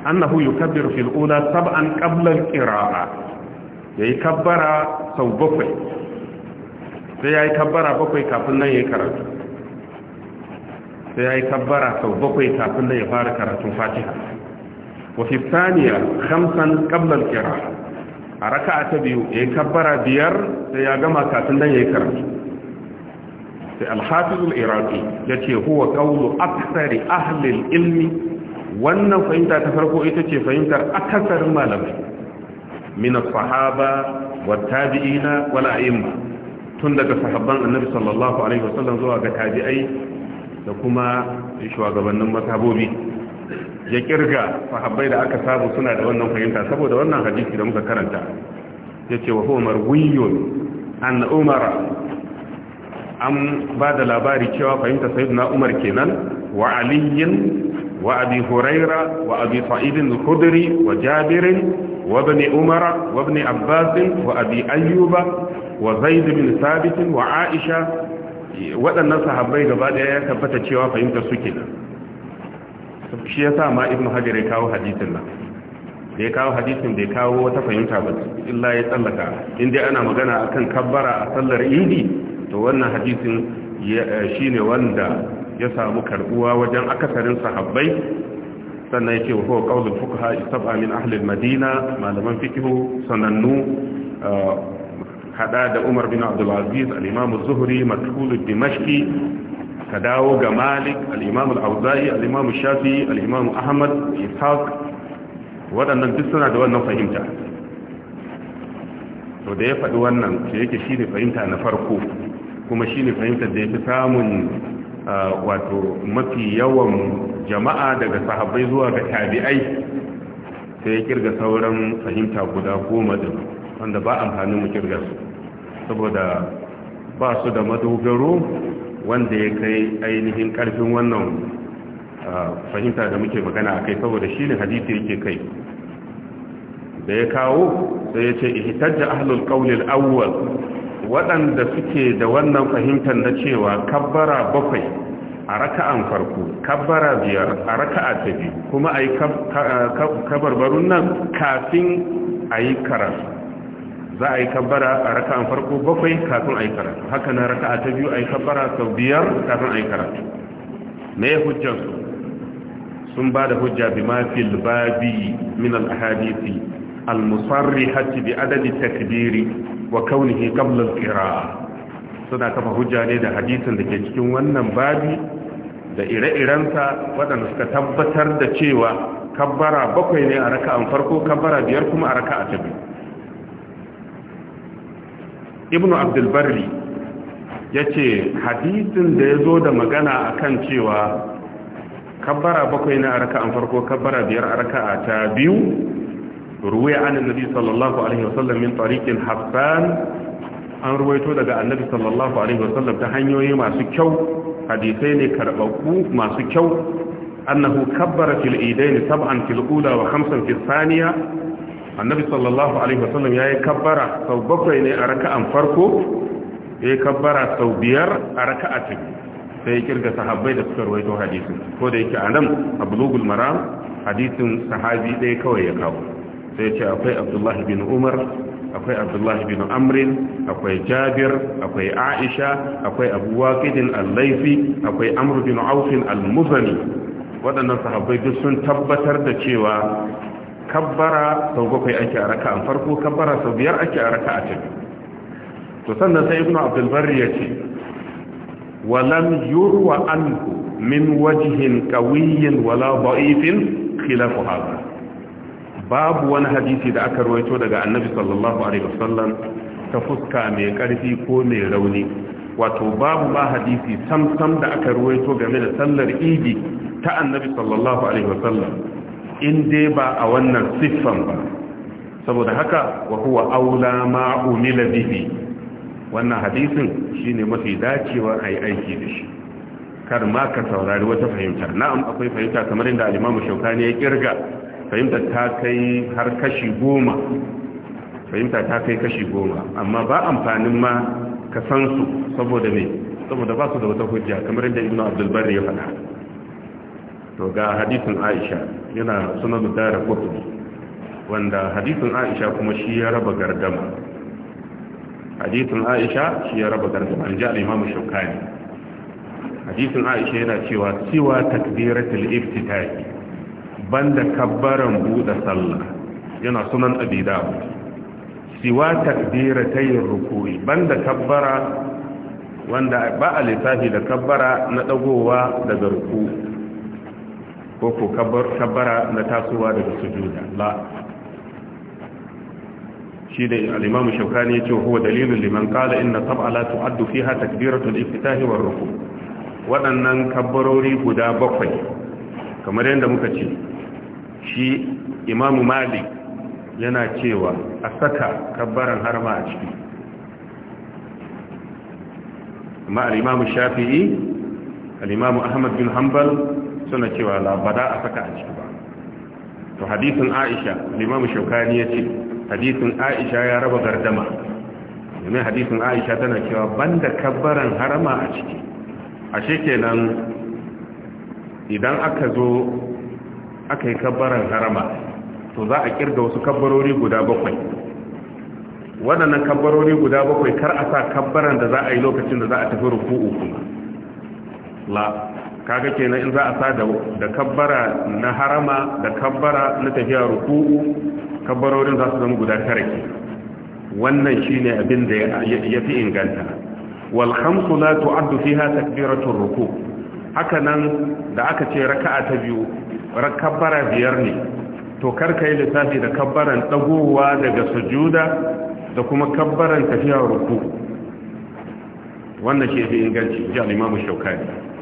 annahu yukabbiru fil ula sab'an qabla al Ya yi kabbara sau bakwai sai ya yi kabbara bakwai kafin nan ya yi karatu sai ya yi kabbara sau bakwai kafin da ya fara karatun fatiha wasu saniya hamsan kablar kira a raka ta biyu ya yi kabbara biyar sai ya gama kafin da ya yi karatu sai alhafizul iraki ya ce huwa kaulu aksari ahlil ilmi wannan fahimta ta farko ita ce fahimtar akasarin malamai min sahaba wa tabi'ina wal a'imma tun daga sahabban annabi sallallahu alaihi wasallam zuwa ga tabi'ai da kuma shugabannin masabobi ya kirga sahabbai da aka sabu suna da wannan fahimta saboda wannan hadisi da muka karanta ya ce wa umar wiyon an umara an ba da labari cewa fahimta na umar kenan wa aliyin wa abi huraira wa abi sa'idin khudri wa jabirin wa ibn umara wa ibn abbas wa abi ayyuba wa zaidu bin sabitin wa aisha waɗannan sahabbai gaba ɗaya ya tabbata cewa fahimta suke shi ya sa ma ibn hajar ya kawo hadisin nan da ya kawo hadisin bai kawo wata fahimta ba illa ya tsallaka inda ana magana a kan kabbara a sallar idi to wannan hadisin eh, ne wanda ya samu karbuwa wajen akasarin sahabbai sannan yake wa qawlul fuqaha istab'a min ahli madina malaman fikihu sanannu eh, hada da umar bin abdulaziz al'imamu zuhuri matukulu dimashki ka dawo ga malik al'imamu al'auza'i al'imamu shafi al'imamu ahmad ishaq waɗannan duk suna da wannan fahimta to da ya faɗi wannan ce yake shi ne fahimta na farko kuma shi ne fahimtar da ya fi samun wato mafi yawan jama'a daga sahabbai zuwa ga tabi'ai sai ya kirga sauran fahimta guda goma da wanda ba amfanin mu kirga su saboda ba su da madogaro wanda ya kai ainihin karfin wannan fahimta da muke magana a kai saboda shi ne hadithi yake kai da ya kawo sai ya ce da ahalul kaunil awwal waɗanda suke da wannan fahimtar na cewa kabbara bakwai a raka'an farko kabbara biyar a raka'a ta biyu kuma yi kabarbarun nan kafin a yi karatu za a yi kabbara a raka'an farko bakwai kafin a yi karatu haka na raka'a ta biyu a yi kabbara sau biyar kafin a yi karatu me ya hujjar su sun ba da hujja bi ma fil babi min al ahadisi al musarrihati bi adadi takbiri wa kaunihi qabla al qira'a suna kafa hujja ne da hadisin da ke cikin wannan babi da ire-irensa waɗanda suka tabbatar da cewa kabbara bakwai ne a raka'an farko kabbara biyar kuma a raka'a ta biyu ibnu abdulbarri ya ce hadisin da ya zo da magana akan cewa kabbara bakwai na araka an farko kabbara biyar araka ta biyu ruwa an annabi sallallahu alaihi wasallam min tariqin hafsan an ruwaito daga annabi sallallahu alaihi wasallam ta hanyoyi masu kyau hadisai ne karbaku masu kyau annahu kabbara fil idaini sab'an fil ula wa khamsan thaniya annabi sallallahu alaihi wasallam yayi kabbara sau bakwai ne a raka'an farko yayi kabbara sau biyar a raka'a ta sai kirga sahabbai da suka rawaito hadisin ko da yake anan ablugul maram hadisin sahabi ɗaya kawai ya kawo sai ce akwai abdullahi bin umar akwai abdullahi bin amrin akwai jabir akwai aisha akwai abu waqidin al-laifi akwai amru bin aufin al-muzani waɗannan sahabbai duk sun tabbatar da cewa kabbara sau bakwai ake a a farko kabbara sau biyar ake a a cikin, to sannan sai ibnu abdul ya ce walam yurwa anhu min wajihin qawiyyin wala da'ifin khilafu haza. babu wani hadisi da aka ruwaito daga annabi sallallahu alaihi wasallam ta fuska mai karfi ko mai rauni wato babu ma hadisi sam sam da aka ruwaito game da sallar idi ta annabi sallallahu alaihi wasallam in dai ba a wannan siffan ba saboda haka wa aula ma umila bihi wannan hadisin shine mafi dacewa yi aiki da shi kar ma ka saurari wata fahimta na'am akwai fahimta kamar inda alimamu imam Shawkani ya kirga fahimta ta kai har kashi goma fahimta ta kai kashi goma amma ba amfanin ma ka san su saboda me saboda ba su da wata hujja kamar inda Ibn Abdul Barri ya faɗa to ga hadisin aisha yana sunan dara kotuni wanda hadisin aisha kuma shi ya raba gardama hadisin aisha shi ya raba gardama an ji al'imamu shaukani hadisin aisha yana cewa siwa takbiratul iftitahi banda kabbaran buɗe sallah yana sunan abi dawud siwa takbiratay ruku'i banda kabbara wanda ba a lissafi da kabbara na ɗagowa daga ruku ko ko kabbara na tasowa daga sujuda la shi da Alimamu imamu ya ce huwa dalilin liman kala inna tab'a la tu'addu fiha takbiratul iftitah war ruku waɗannan kabbarori guda bakwai kamar yadda muka ce shi imamu malik yana cewa a saka kabbaran harma a ciki amma Alimamu shafi'i Alimamu ahmad bin hanbal suna cewa la ba a saka a ciki ba to hadisin aisha limamu shaukani ya ce hadisin aisha ya raba gardama domin hadisin aisha tana cewa banda kabbaran harama a ciki ashe nan idan aka zo aka yi kabbaran harama to za a kirga wasu kabbarori guda bakwai waɗannan kabbarori guda bakwai kar a sa kabbaran da za a yi lokacin da za a tafi rufu uku la kaga kenan in za a sa da kabbara na harama da kabbara na tafiya ruku'u kabbarorin za su zama guda tare ke wannan shine abin da ya fi inganta wal khamsu la tu'addu fiha takbiratur ruku haka nan da aka ce raka'a ta biyu rakabbara biyar ne to karka yi lissafi da kabbaran dagowa daga sujuda da kuma kabbaran tafiya ruku wannan shi ya fi inganci ji al shaukani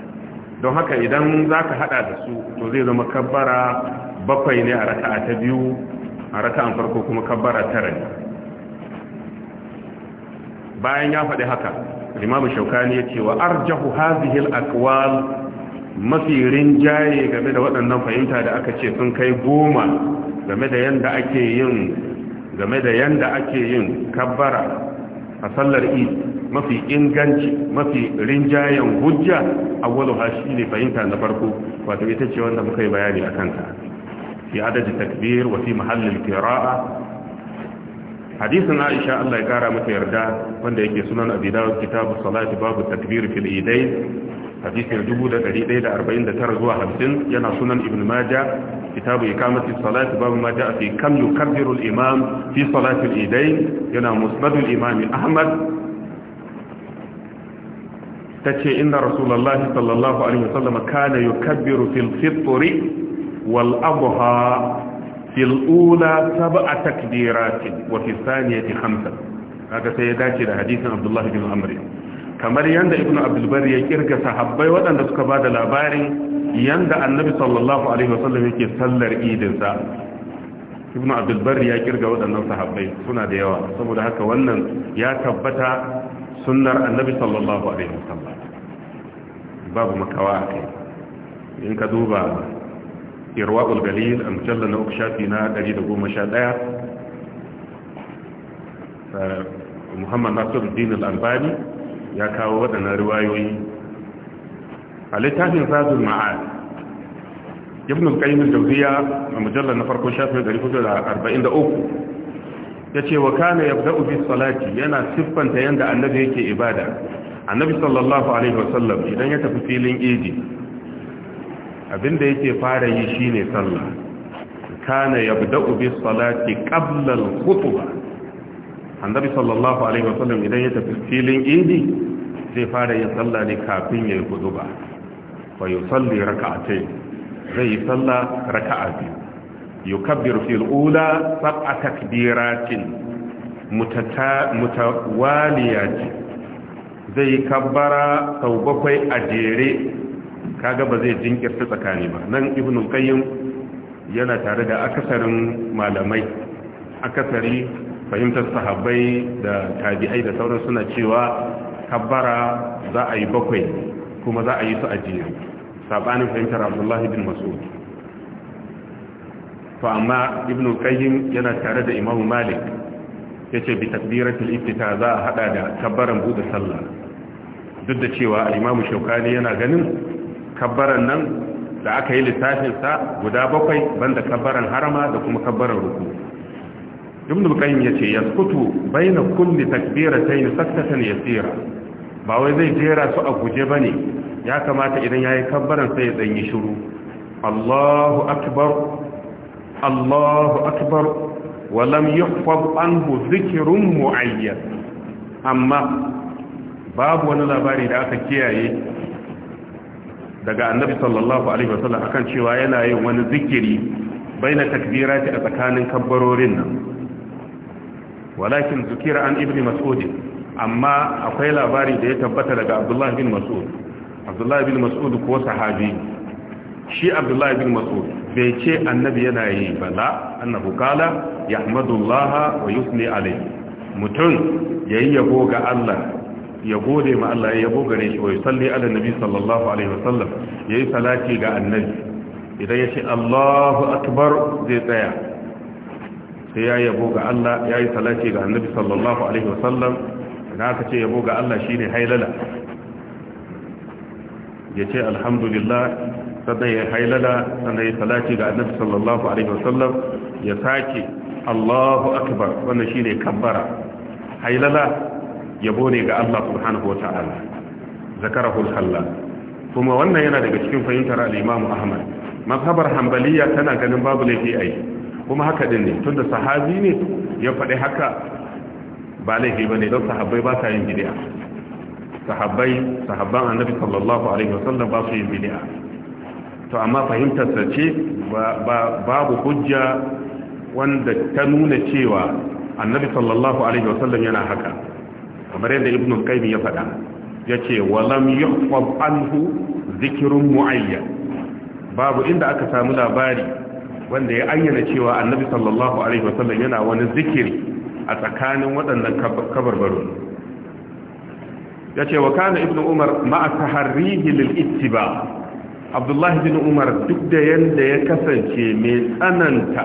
don haka idan za ka hada da su to zai zama kabbara bakwai ne a raka'a ta biyu a an farko kuma kabbara tara ne bayan ya faɗi haka limamu shaukani ya ce wa arjahu hazihil akwal mafi rinjaye game da waɗannan fahimta da aka ce sun kai goma game da yanda ake yin game da yanda ake yin kabbara a sallar eid mafi inganci mafi rinjayen hujja awwalu ha shine fahimta na farko wato ita ce wanda muka yi bayani a ta fi adadi takbir wa fi mahallin qira'a hadisin Aisha Allah ya kara mata yarda wanda yake sunan Abi Dawud kitabu salati babu takbir fil idayn hadisin 1149 zuwa 50 yana sunan Ibn Maja kitabu ikamati salati babu Maja ja'a fi kam yukabbiru al-imam fi salati al yana musnad al Ahmad Ta tace inna rasulullahi sallallahu alaihi wasallam kana yukabbiru fil fitri wal adha fil ula sab'a takbiratin wa fi thaniyati khamsa kaga sai ya dace da hadisin abdullahi bin amr kamar yadda Ibn abdul ya kirga sahabbai waɗanda suka ba da labarin yadda annabi sallallahu alaihi wasallam yake sallar idin sa ibnu abdul bari ya kirga waɗannan sahabbai suna da yawa saboda haka wannan ya tabbata sunnar annabi sallallahu alaihi wasallam babu makawa a kai in ka duba irwa ulgalil a mujallar na uku shafi na 111 eh, muhammad nasiruddin al'albani ya kawo waɗannan riwayoyi a littafin zazun ma'ad ibn al-qayyim al-jawziya a mujallar na farko shafi 443 yace wa kana yabda'u bis salati yana siffanta yadda annabi yake ibada annabi sallallahu alaihi wasallam idan ya tafi filin idi abinda yake fara yi shi ne sallah kana yabda'u bis salati qabla al khutbah annabi sallallahu alaihi wasallam idan ya tafi filin idi zai fara yin sallah ne kafin ya yi ba. khutbah fa yusalli ce zai yi sallah raka'a biyu yukabbir fil ula sab'a mutawaliya ce zai kabbara sau bakwai a jere kaga ba zai jinkirta tsakani ba nan ibn qayyim yana tare da akasarin malamai akasari fahimtar sahabbai da tabi'ai da sauran suna cewa kabbara za a yi bakwai kuma za a yi su a sabanin fahimtar abdullahi bin mas'ud to amma ibn qayyim yana tare da imam malik yace bi takbiratul iftita za a hada da kabbaran bude sallah duk da cewa imam shaukani yana ganin kabbaran nan da aka yi lissafin sa guda bakwai banda kabbaran harama da kuma kabbaran ruku ibn qayyim yace yaskutu baina kulli takbiratayn saktatan yasira ba wai zai jera su a guje bane ya kamata idan yayi kabbaran sai ya danyi shiru Allahu akbar Allahu akbar wa lam yuhfaz anhu dhikrun mu'ayyan amma babu wani labari da aka kiyaye daga annabi sallallahu alaihi wasallam akan cewa yana yin wani zikiri baina takbirati a tsakanin kabbarorin nan walakin zikira an ibn mas'ud amma akwai labari da ya tabbata daga abdullahi bin mas'ud abdullahi bin mas'ud ko sahabi shi abdullahi bin mas'ud bai ce annabi yana yi ba la annabu kala yahmadullaha wa yusni alai mutum ya yi yabo ga Allah ya gode ma Allah ya yabo gare shi wa yusalli ala nabi sallallahu alaihi wasallam yi salati ga annabi idan ya ce Allahu akbar zai tsaya sai ya yabo ga Allah yayi salati ga annabi sallallahu alaihi wasallam idan aka ce yabo ga Allah shine hailala ya ce alhamdulillah sannan ya hailala sannan ya salati ga annabi sallallahu alaihi wasallam ya sake Allahu akbar wannan shine kabbara hailala yabo ne ga Allah subhanahu wata'ala zakarahu al kuma wannan yana daga cikin fahimtar al-Imam Ahmad mazhabar Hanbaliya tana ganin babu laifi ai kuma haka din ne tunda sahabi ne ya faɗi haka ba laifi bane don sahabbai ba sa yin bid'a sahabbai sahabban annabi sallallahu alaihi wasallam ba su yin bid'a to amma fahimtarsa ce babu hujja wanda ta nuna cewa annabi sallallahu alaihi wasallam yana haka kamar yadda ibn qayyim ya faɗa yace walam yuhfaz anhu zikrun muayyan babu inda aka samu labari wanda ya ayyana cewa annabi sallallahu alaihi wasallam yana wani zikiri a tsakanin waɗannan kabarbaru yace wa kana ibn umar ma'a taharrihi lil ittiba' abdullahi bin umar duk da yadda ya kasance mai tsananta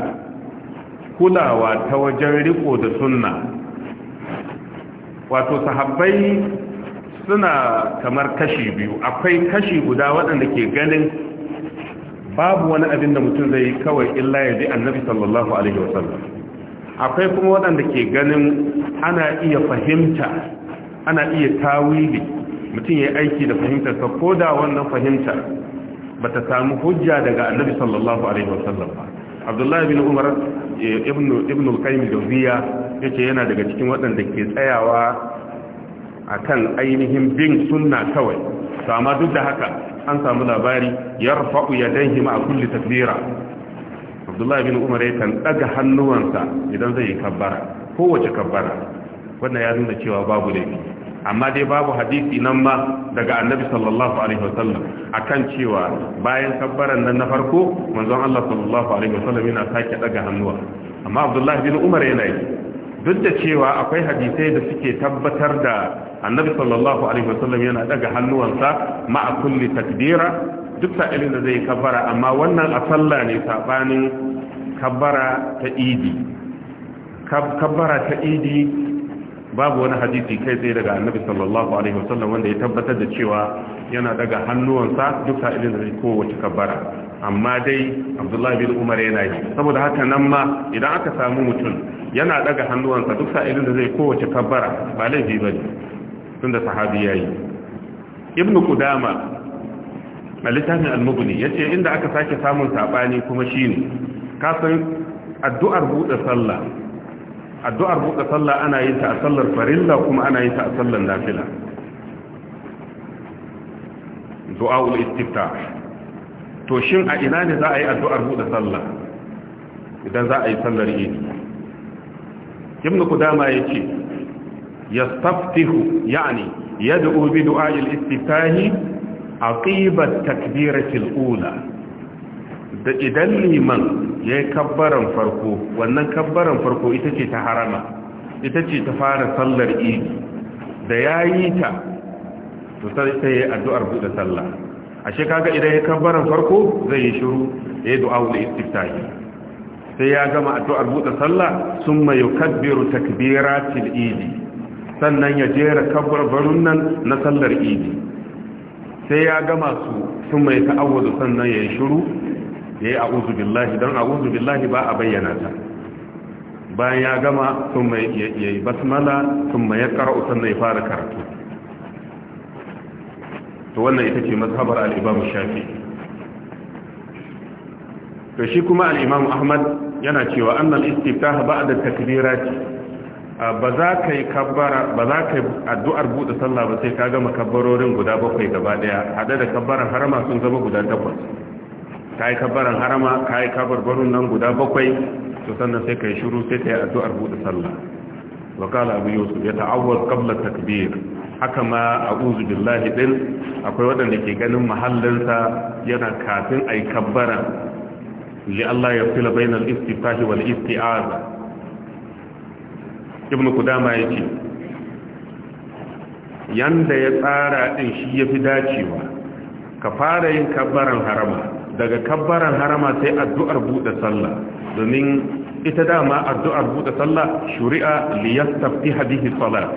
kulawa ta wajen riko da sunna wato sahabbai suna kamar kashi biyu akwai kashi guda waɗanda ke ganin babu wani abin da mutum zai kawai illa ya ji annabi sallallahu alaihi wasallam akwai kuma waɗanda ke ganin ana iya fahimta ana iya tawili mutum ya aiki da fahimtarsa ko da wannan fahimtar bata samu hujja daga annabi sallallahu alaihi wasallam ba abdullahi bin umar ibn eh, ibn al-qayyim jawziya yace yana daga cikin waɗanda ke tsayawa akan ainihin bin sunna kawai to amma duk da haka an samu labari yarfa'u yadayhi ma kulli takbira abdullahi bin umar yakan daga hannuwansa idan zai kabbara kowace kabbara wannan ya nuna cewa babu laifi amma dai babu hadisi nan ma daga annabi sallallahu alaihi wasallam akan cewa bayan kabbaran nan na farko manzon Allah sallallahu alaihi wasallam yana sake daga hannuwa amma Abdullah bin Umar yana yi duk da cewa akwai hadisai da suke tabbatar da annabi sallallahu alaihi wasallam yana daga hannuwansa a kulli takbira duk sa'ilin da zai kabbara amma wannan a sallah ne sabanin kabbara ta idi kabbara ta idi babu wani hadisi kai tsaye daga annabi sallallahu alaihi wasallam wanda ya tabbatar da cewa yana daga hannuwansa duk sa'ilin da kowace kabbara amma dai abdullahi bin umar yana yi saboda haka nan ma idan aka samu mutum yana daga hannuwansa duk sa'ilin da zai kowace kabbara ba laifi ba ne tun da sahabi ya yi ibnu kudama a littafin almubni ya ce inda aka sake samun saɓani kuma shine kasan addu'ar buɗe sallah addu'ar buɗe sallah ana yin ta a sallar farilla kuma ana yin ta a sallar nafila du'a'ul istifta to shin a ina ne za a yi addu'ar buɗe sallah idan za a yi sallar idi ibn kudama yace yastaftihu yani yad'u bi du'a'il istiftahi aqiba takbiratil ula da idan liman ya yi kabbaran farko wannan kabbaran farko ita ce ta harama ita ce ta fara sallar idi da ya yi ta to sai ta yi addu'ar buɗe sallah ashe shekaga idan ya yi kabbaran farko zai yi shiru ya yi du'a wuɗe istiftahi sai ya gama addu'ar buɗe sallah sun mai kabbiru takbiratin idi sannan ya jera kabbarbarun nan na sallar idi sai ya gama su sun mai ta'awwadu sannan ya yi shiru da ya yi billahi don a'uzu billahi ba a bayyana ta bayan ya gama sun mai ya yi basmala sun mai ya karau sannan ya fara karatu to wannan ita ce mazhabar al'imamu shafi to shi kuma al'imamu ahmad yana cewa annal istiftah ba'da takbirati ba za ka yi kabbara ba za ka yi addu'ar buɗe sallah ba sai ka gama kabbarorin guda bakwai gaba daya haɗe da kabbaran harama sun zama guda takwas ka yi kabarin harama ka yi kabarbarun nan guda bakwai to sannan sai ka yi shuru sai ka yi addu'ar buɗe sallah wakala abu yusuf ya ta'awar kabla takbir haka ma a'udhu billahi din akwai waɗanda ke ganin mahallinsa yana kafin ay kabbara li Allah ya fila bainal istifahi wal isti'aza ibnu kudama yace yanda ya tsara din shi yafi dacewa ka fara yin kabbaran harama daga kabbaran harama sai addu'ar buɗe sallah domin ita dama addu'ar buɗe sallah shuri'a liyastafti hadihi salat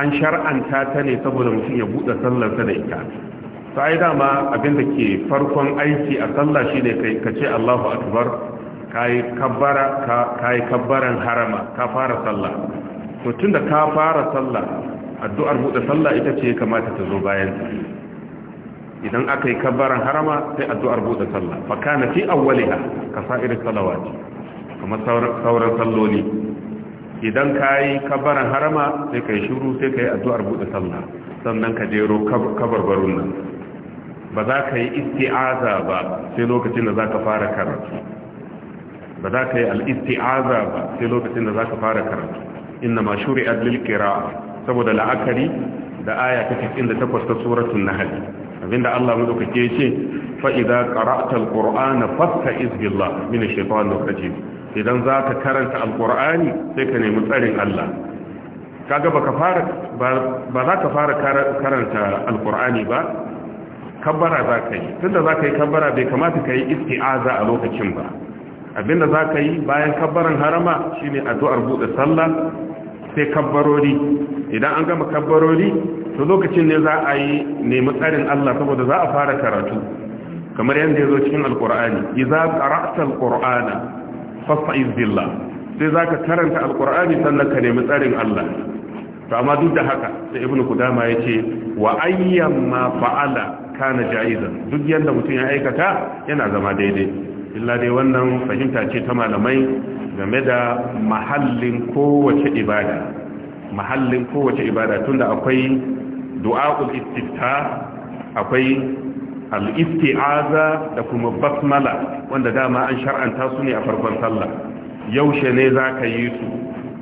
an shar'anta ta ne saboda mutum ya buɗe sallarsa da ita to ai dama abinda ke farkon aiki a sallah shine kai ka ce Allahu akbar kai kabbara kabbaran harama ka fara sallah to da ka fara sallah addu'ar buɗe sallah ita ce kamata ta zo bayan idan aka yi kabbaran harama sai addu'ar buɗe sallah fa na fi awwaliha ka sa'ir salawati kamar sauran salloli idan ka yi kabbaran harama sai ka yi shiru sai ka yi addu'ar buɗe sallah sannan ka jero kabarbarun nan ba za ka yi isti'aza ba sai lokacin da za ka fara karatu ba za ka yi al'isti'aza ba sai lokacin da za ka fara karatu inna ma shuri adlil kira saboda la'akari da aya ta 98 ta suratun nahali abinda Allah madaukake ke ce fa idza qara'ta alqur'ana fasta'iz billah min ash-shaytanir rajim idan zaka karanta alqur'ani sai ka nemi tsarin Allah kaga baka fara ba za ka fara karanta alqur'ani ba kabbara za ka yi tunda za ka yi kabbara bai kamata ka yi isti'aza a lokacin ba abinda za ka yi bayan kabbaran harama shine addu'ar buɗe sallah sai kabbarori idan an gama kabbarori to lokacin ne za a yi nemi tsarin Allah saboda za a fara karatu kamar yadda ya zo cikin alkur'ani idza qara'ta alqur'ana fasta'iz billah sai zaka karanta alkur'ani sannan ka nemi tsarin Allah to amma duk da haka sai ibnu kudama yace wa ma fa'ala kana ja'izan duk yanda mutum ya aikata yana zama daidai illa dai wannan fahimta ce ta malamai game da mahallin kowace ibada mahallin kowace ibada tunda akwai du'a ul istifta akwai al-isti'aza da kuma basmala wanda dama an shar'anta su ne a farkon sallah yaushe ne za ka yi su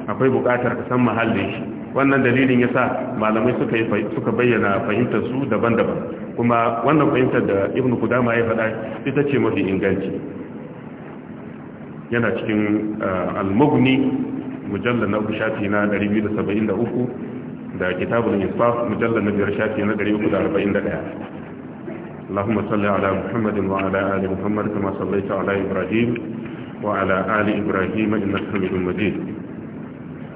akwai buƙatar ka san mahallin shi wannan dalilin yasa malamai suka suka bayyana fahimtar su daban-daban kuma wannan fahimtar da ibnu kudama ya faɗa ita ce mafi inganci yana cikin eh, al-mughni mujallal na shafi na 273 da kitabul insaf mujallal na biyar shafi na 341 اللهم صل على محمد وعلى آل محمد كما صليت على إبراهيم وعلى آل إبراهيم إنك حميد مجيد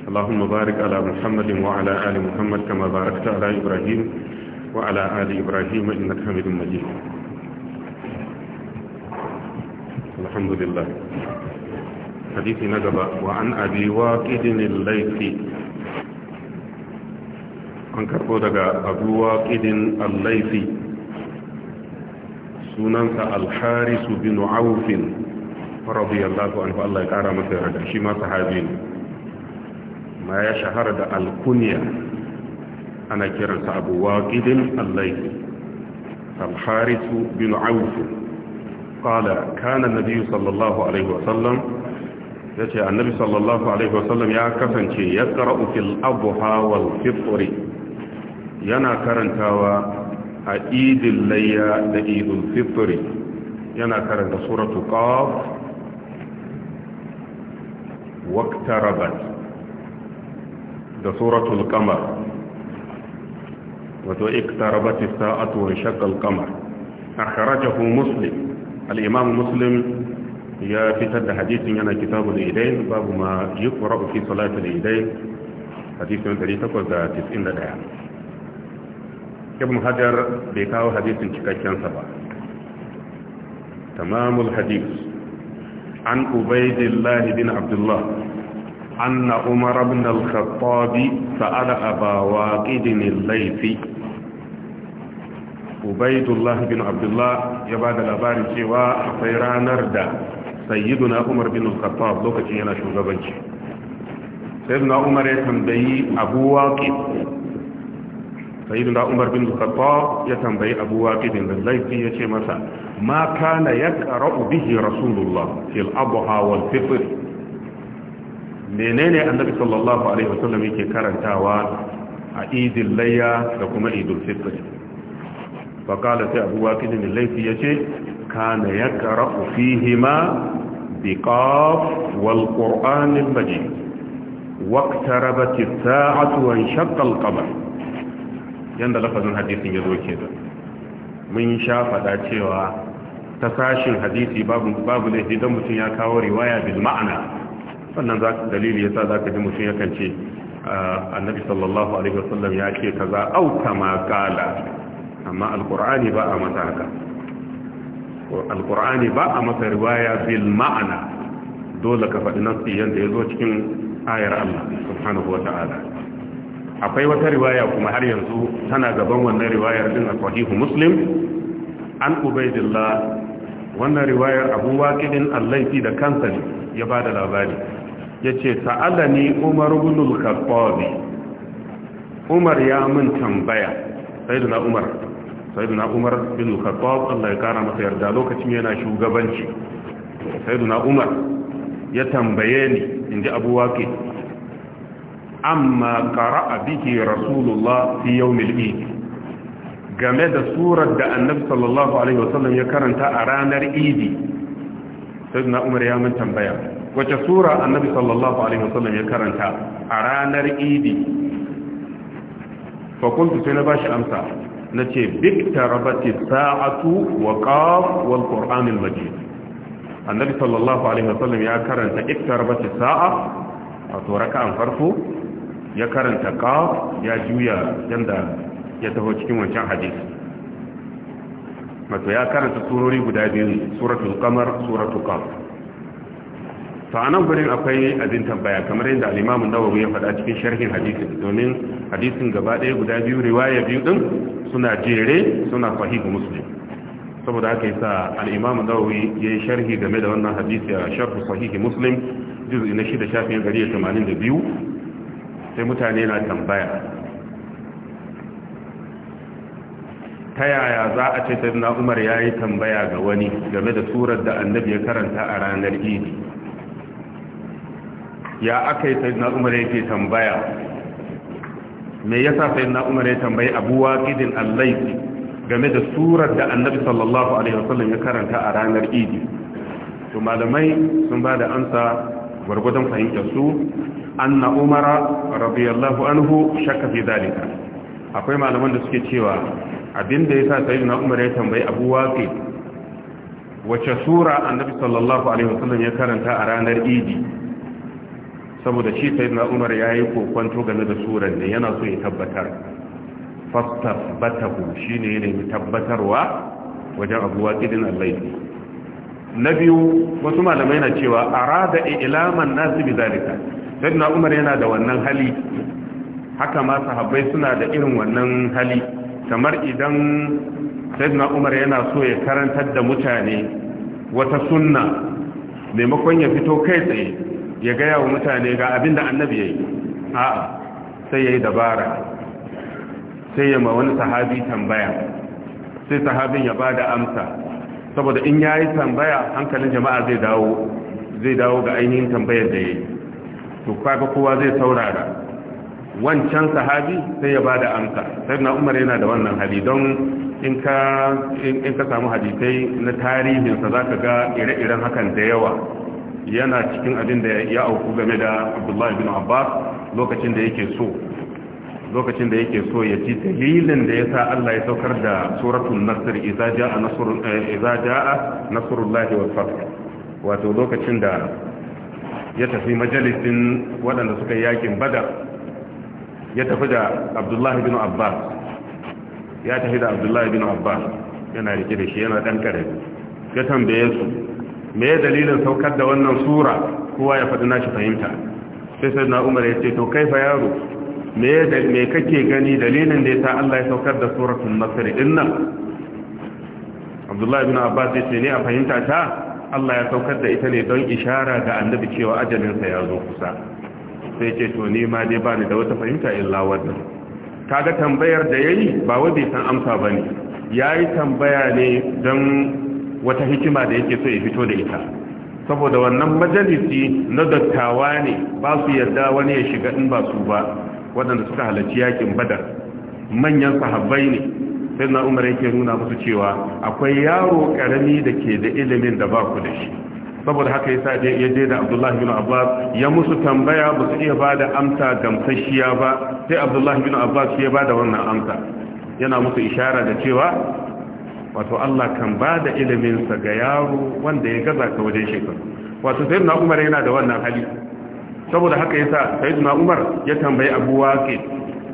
اللهم بارك على محمد وعلى آل محمد كما باركت على إبراهيم وعلى آل إبراهيم إنك حميد مجيد الحمد لله حديث نجبة وعن أبي واقد الليثي an karko daga abuwa ƙidin allaifi sunansa alharisu bin aufin radiyallahu anhu Allah ya ƙara masa yarda shi ma sahabi ne ma ya shahara da alkuniya ana kiransa abu waƙidin allaifi alharisu bin aufin قال كان النبي صلى الله عليه وسلم yace annabi sallallahu alaihi wasallam ya kasance ya qara'u fil adha wal fitr yana karantawa a idin layya da idin fitri yana karanta suratu qaf waqtarabat da suratul qamar wato iqtarabat as-sa'atu wa shaqqa al-qamar akhrajahu muslim al-imam muslim ya fitar da hadisin yana kitabul idain babu ma yuqra fi salatil idain hadisin 891 ibn hajar bai kawo hadisin cikakkensa ba tamamul hadis an ubaidillah bin abdullah anna umar ibn al-khattab sa'ala aba waqid al-layfi bin abdullah ya ba da labarin cewa akwai ranar da sayyiduna umar bin al-khattab lokacin yana shugabanci sayyiduna umar ya tambayi abu sayyidina umar bin khattab ya tambayi abu waqid bin laifi ce masa ma kana yaqra'u bihi rasulullah fil abha wal fitr menene annabi sallallahu alaihi wasallam yake karantawa a idil layya da kuma idul fitr fa qala sai abu waqid bin laifi yace kana yaqra'u fihima biqaf wal qur'anil majid waqtarabat as-sa'atu wa inshaqa al-qamar yanda lafazin hadisin ya zo ke da mun sha faɗa cewa ta sashin hadisi babu babu laifi don mutum ya kawo riwaya bil ma'ana sannan za ya sa za ka ji mutum ya kance ah, annabi sallallahu alaihi wasallam ya ce za au kama kala amma alqur'ani ba a mata haka alqur'ani ba a mata riwaya bil ma'ana dole ka faɗi nasi yadda ya zo cikin ayar Allah subhanahu wa ta'ala akwai wata riwaya kuma har yanzu tana gaban wannan riwayar din a sahihu muslim an ubaidillah wannan riwayar abu waqidin allahi da kansa ne ya bada labari yace ta'alani umar ibn al khattabi umar ya mun tambaya sayyidina umar sayyidina umar ibn al-khattab Allah ya kara masa yarda lokacin yana shugabanci sayyidina umar ya tambaye ni inji abu waqid amma qara'a bihi rasulullah fi yawm al-eid game da surar da annabi sallallahu alaihi wasallam ya karanta a ranar idi sayyidina umar ya mun tambaya wace sura annabi sallallahu alaihi wasallam ya karanta a ranar idi fa kuntu sai na bashi amsa nace biktarabati sa'atu wa qaf wal qur'an al majid annabi sallallahu alaihi wasallam ya karanta iktarabati sa'a wato raka'an farko ya karanta ka ya juya yadda ya taho cikin wancan hadisi mato ya karanta surori guda biyu suratul qamar suratul qaf ta anan gurin akwai abin tambaya kamar yadda al-Imam an-Nawawi ya faɗa cikin sharhin hadisi domin hadisin gaba ɗaya guda biyu riwaya biyu din suna jere suna sahih muslim saboda aka yi sa al'imamu dawowi ya yi sharhi game da wannan hadisi a sharhu sahihi muslim juzi na shida shafin gari sai mutane na tambaya ta yaya za a ce sayyidina umar ya yi tambaya ga wani game da surar da annabi ya karanta a ranar idi ya aka yi sayyidina umar ke tambaya me yasa sayyidina umar ya tambayi abuwa waqidin al game da surar da annabi sallallahu alaihi wasallam ya karanta a ranar idi to malamai sun ba da amsa gwargwadon fahimtar su anna umara radiyallahu anhu shakka fi dalika akwai malaman da suke cewa abinda yasa sayyidina umar ya tambayi abu waqi wace sura annabi sallallahu alaihi wasallam ya karanta a ranar idi saboda shi sayyidina umar yayi kokonto game da suran ne yana so ya tabbatar fastabatahu shine ya nemi tabbatarwa wajen abu waqidin al na biyu wasu malamai na cewa arada ilaman nasi bi zalika sayyidina umar yana da wannan hali haka ma sahabbai suna da irin wannan hali kamar idan sayyidina umar yana so ya karantar da mutane wata sunna maimakon ya fito kai tsaye ya gaya wa mutane ga abin da annabi ya yi a'a sai ya yi dabara sai ya ma wani sahabi tambaya sai sahabin ya bada amsa saboda in ya yi tambaya hankalin jama'a zai dawo zai dawo ga ainihin tambayar da ya to kaga kowa zai saurara wancan sahabi sai ya bada amsa sai na umar yana da wannan hali don in ka in ka samu hadisai na tarihin sa zaka ga ire-iren hakan da yawa yana cikin abin da ya auku game da Abdullah ibn Abbas lokacin da yake so lokacin da yake so ya ci dalilin da ya sa Allah ya saukar da suratul nasr idza jaa nasrul eh, idza jaa nasrullahi wal fath wato lokacin da ya tafi majalisin waɗanda suka yi yakin badar ya tafi da abdullahi bin abbas ya tafi da abdullahi bin abbas yana rike da shi yana ɗan kare ya tambaye su me dalilin saukar da wannan sura kowa ya faɗi nashi fahimta sai sai na umar ya ce to kai fa yaro me kake gani dalilin da ya sa Allah ya saukar da suratun nasr din nan Abdullahi bin Abbas ya ce ne a fahimta ta Allah ya saukar da ita ne don ishara ga annabi cewa ajalinsa ya zo kusa sai ce to ni ma dai bani da wata fahimta illa wannan kaga tambayar da yayi ba wai bai san amsa bane yayi tambaya ne don wata hikima da yake so ya fito da ita saboda wannan majalisi na dattawa ne ba su yarda wani ya shiga in ba su ba waɗanda suka halarci yakin badar manyan sahabbai ne sai na umar yake nuna musu cewa akwai yaro karami da ke da ilimin da ba ku da shi saboda haka yasa ya je da abdullahi bin abbas ya musu tambaya ba su iya ba da amsa gamsashiya ba sai abdullahi bin abbas ya ba da wannan amsa yana musu ishara da cewa wato allah kan ba da iliminsa ga yaro wanda ya gaza ka wajen shekaru wato sai na umar yana da wannan hali saboda haka yasa sai na umar ya tambayi abu waqid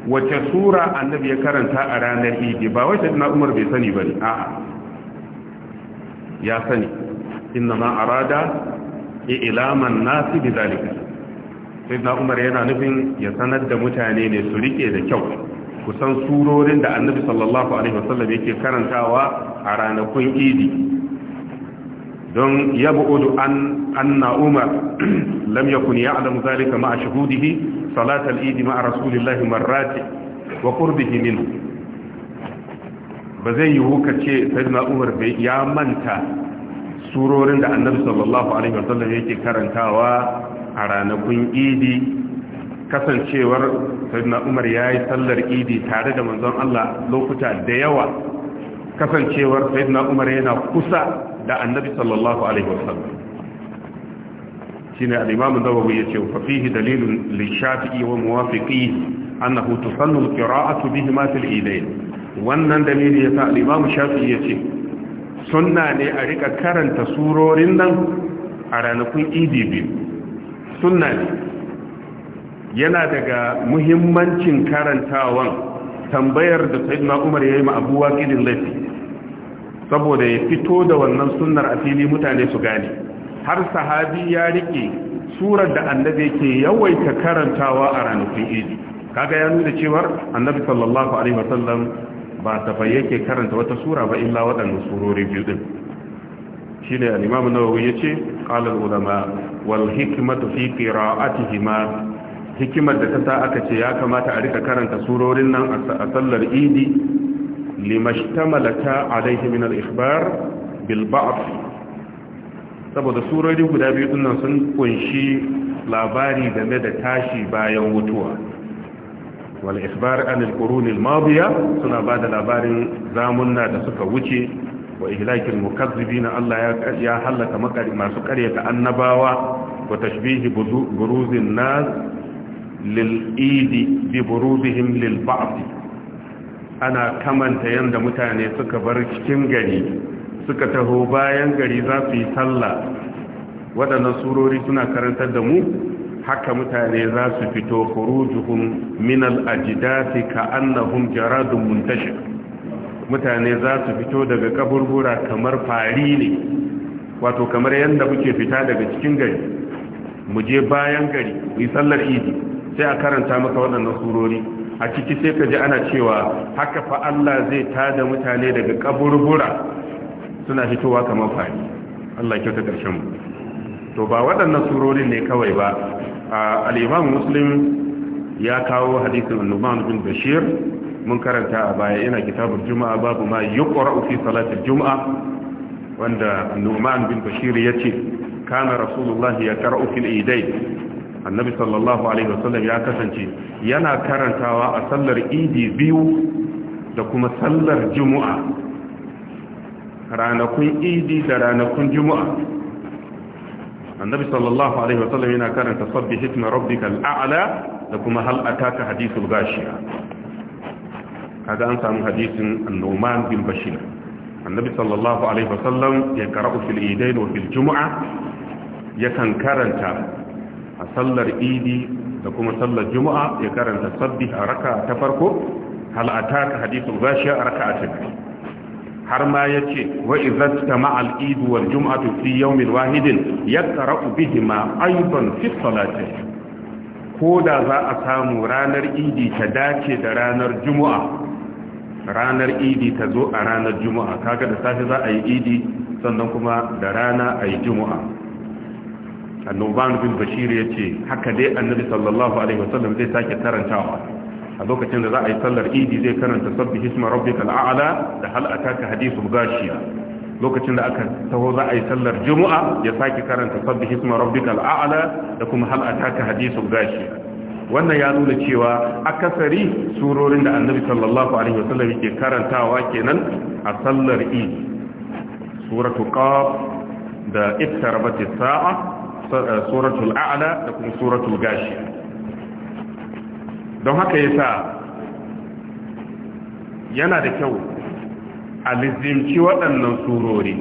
wace sura annabi ya karanta a ranar idi ba wai sayyidina umar bai sani ba ne a'a ya sani inna ma arada ilaman nasi bi zalika sai sayyidina umar yana nufin ya sanar da mutane ne su rike da kyau kusan surorin da annabi sallallahu alaihi wasallam yake karantawa a ranakun idi don ya bu'udu an anna umar lam yakun ya'lamu zalika ma'a shuhudihi salat al-eid ma'a rasulillah marrati wa qurbihi minhu ba zai yiwu ka ce sayyidina umar bai ya manta surorin da annabi sallallahu alaihi wasallam yake karantawa a ranakun idi kasancewar sayyidina umar yayi sallar idi tare da manzon Allah lokuta da yawa kasancewar sayyidina umar yana kusa da annabi sallallahu alaihi wasallam shine al-imam an-nawawi yace fa fihi dalilun li shafi'i wa muwafiqi annahu tusannu al-qira'atu bihima fil idayn wannan dalili yasa al-imam shafi'i yace sunna ne a rika karanta surorin nan a ranakun idi sunna ne yana daga muhimmancin karantawan tambayar da sayyidina umar yayi ma abuwa kidin laifi saboda ya fito da wannan sunnar a fili mutane su gane har sahabi ya rike surar da annabi yake yawaita karantawa a ranakun idi kaga ya nuna cewar annabi sallallahu alaihi wasallam ba ta yake karanta wata sura ba illa waɗannan surori biyu din shine al-imam an-nawawi yace qala al-ulama wal hikmatu fi qira'atihima hikimar da ta sa aka ce ya kamata a rika karanta surorin nan a sallar idi limashtamalata alaihi min al-ikhbar bil saboda surori guda biyu dinnan sun kunshi labari game da tashi bayan mutuwa wal ikhbar an al-qurun al-madiya suna bada labarin zamunna da suka wuce wa ihlakil na Allah ya ya halaka makari masu karyata annabawa wa tashbihi buruzin nas lil idi bi buruzihim lil ba'd ana kamanta yadda mutane suka bar cikin gari suka taho bayan gari za su yi sallah waɗannan surori suna karantar da mu haka mutane za su fito kurujuhum minal ajidati ka annahum jaradun muntashi mutane za su fito daga kaburbura kamar fari ne wato kamar yadda muke fita daga cikin gari mu je bayan gari mu yi sallar idi sai a karanta maka waɗannan surori a ciki sai ka ji ana cewa haka fa Allah zai tada mutane daga kaburbura suna fitowa kamar fari Allah kyauta karshen mu to ba waɗannan surorin ne kawai ba al-Imam Muslim ya kawo hadisin Numan bin Bashir mun karanta a baya yana kitabul Juma'a babu ma yuqra'u fi salatil Juma'a wanda Numan bin Bashir yace kana Rasulullahi ya qara'u fil idayn annabi sallallahu alaihi wasallam ya kasance yana karantawa a sallar idi biyu da kuma sallar juma'a ranakun idi da ranakun juma'a annabi sallallahu alaihi wasallam yana karanta sabbi hikma rabbika al'ala da kuma hal ataka hadithul gashiya kaga an samu hadisin annuman bin bashir annabi sallallahu alaihi wasallam ya kara'u fil idain wa fil juma'a yakan karanta a sallar idi da kuma sallar juma'a ya karanta sabbi a raka ta farko hal hadisu, hadithul shi a raka a cikin. har ma yace wa idza tama al id wal jum'atu fi yawmin wahidin yaqra'u ma aidan fi salati ko da za a samu ranar idi ta dace da ranar juma'a ranar idi ta zo a ranar juma'a kaga da safe za a yi idi sannan kuma da rana a yi juma'a annoban bin bashir ya ce haka dai annabi sallallahu alaihi wasallam zai sake karantawa a lokacin da za a yi sallar idi zai karanta sabbi hisma rabbikal a'la da hal'ata ka hadithul gashiya lokacin da aka taho za a yi sallar juma'a ya sake karanta sabbi hisma rabbikal a'la da kuma hal'ata ka hadithul gashiya wannan ya nuna cewa akasari surorin da annabi sallallahu alaihi wasallam yake karantawa kenan a sallar idi suratu qaf da iftarabatis sa'a suratul a'la da kuma suratul gashi don haka yasa yana da kyau a lizimci waɗannan surori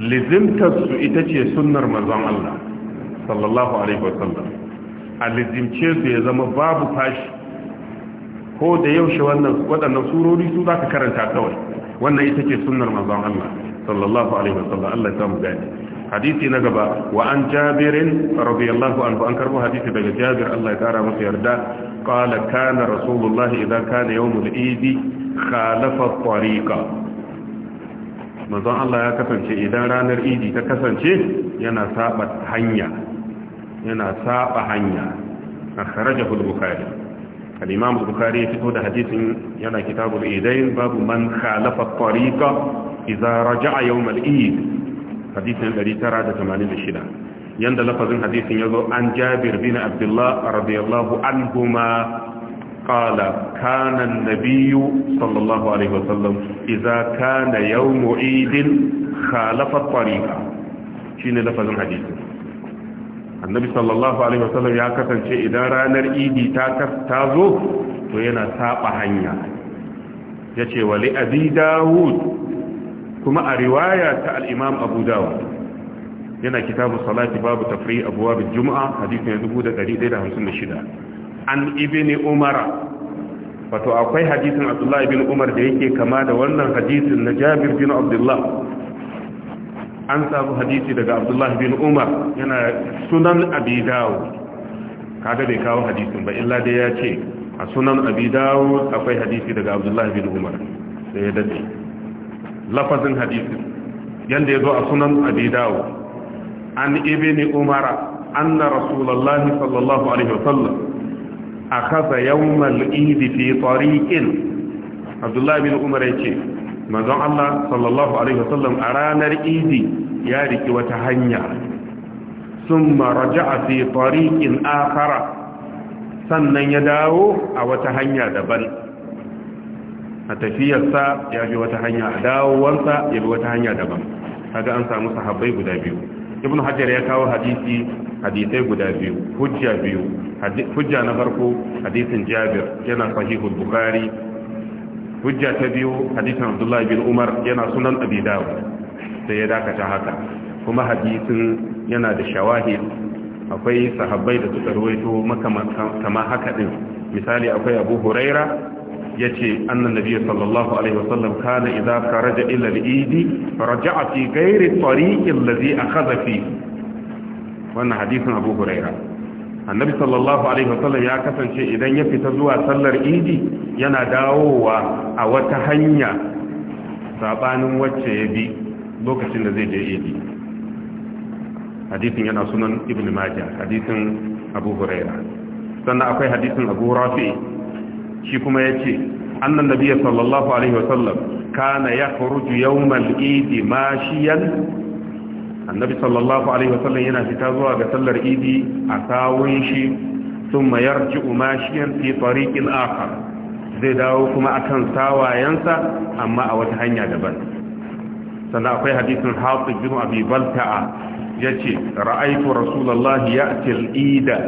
lizimtarsu ita ce sunnar mazan Allah sallallahu alaihi wasallam a lizimce su ya zama babu fashi ko da yaushe waɗannan surori su za ka karanta kawai wannan ita ce sunnar mazan Allah sallallahu alaihi wasallam Allah ta mu gani حديثي نقبا وعن جابر رضي الله عنه أنكره حديثي بقى جابر الله تعالى مصيردا قال كان رسول الله إذا كان يوم الإيدي خالف الطريقة مضان الله يكفن إذا ران الإيدي تكفن شيء ينساب حنيا ينساب حنيا أخرجه البخاري الإمام البخاري يفتود حديث ينا كتاب الإيدين باب من خالف الطريقة إذا رجع يوم الإيدي hadisin 986 yanda lafazin hadisin yazo an Jabir bin Abdullah radiyallahu anhuma qala kana an-nabiy sallallahu alaihi wasallam idza kana yawm Eid khalafa at-tariqa shine lafazin hadisin annabi sallallahu alaihi wasallam ya kasance idan ranar idi ta ta zo to yana saba hanya yace wali abi dawud kuma a riwaya ta al-imam abu dawud yana kitabu salati babu tafri abuwa bin juma'a hadisi na 1156 an ibini umara wato akwai hadithin abdullahi bin umar da yake kama da wannan hadithin na jabir bin abdullah an samu hadithi daga abdullahi bin umar yana sunan abi dawud kaga bai kawo hadithin ba illa dai ya ce a sunan abi dawud akwai hadithi daga abdullahi bin umar da ya dade lafazin hadisin yadda ya zo a sunan abi an ibi ni umara anna Rasulallah sallallahu alaihi wasallam a kasa al-eid fi tariqin abdullahi bin umar ya ce, mazan Allah sallallahu alaihi wasallam a ranar idi ya riki wata hanya sun summa raja'a fi tariqin akhara sannan ya dawo a wata hanya daban a tafiyarsa ya bi wata hanya a dawowansa ya bi wata hanya daban kaga an samu sahabbai guda biyu ibn hajar ya kawo hadisi hadisai guda biyu hujja biyu hujja na farko hadisin jabir yana sahihul bukhari hujja ta biyu hadisin abdullahi bin umar yana sunan abi dawud sai ya dakata haka kuma hadisin yana da shawahi akwai sahabbai da suka ruwaito kama haka din misali akwai abu huraira yace annan nabiyyi sallallahu alaihi wasallam kana idan kharaja ila al-eid raja'a fi ghairi tariq alladhi a fi wannan hadisin Abu Huraira annabi sallallahu alaihi wasallam ya kasance idan ya fita zuwa sallar idi yana dawowa a wata hanya sabanin wacce ya bi lokacin da zai je idi hadisin yana sunan ibn majah hadisin abu huraira sannan akwai hadisin abu rafi shi kuma ya ce annan nabiya sallallahu alaihi wasallam kana ya kuruju yawmal idi mashiyan annabi sallallahu alaihi wasallam yana fita zuwa ga sallar idi a sawun shi mayar yarji'u mashiyan fi tariqin akhar zai dawo kuma akan sawayensa amma a wata hanya daban sannan akwai hadisin hatib bin abi balta'a yace ra'aifu rasulullahi ya'ti al-ida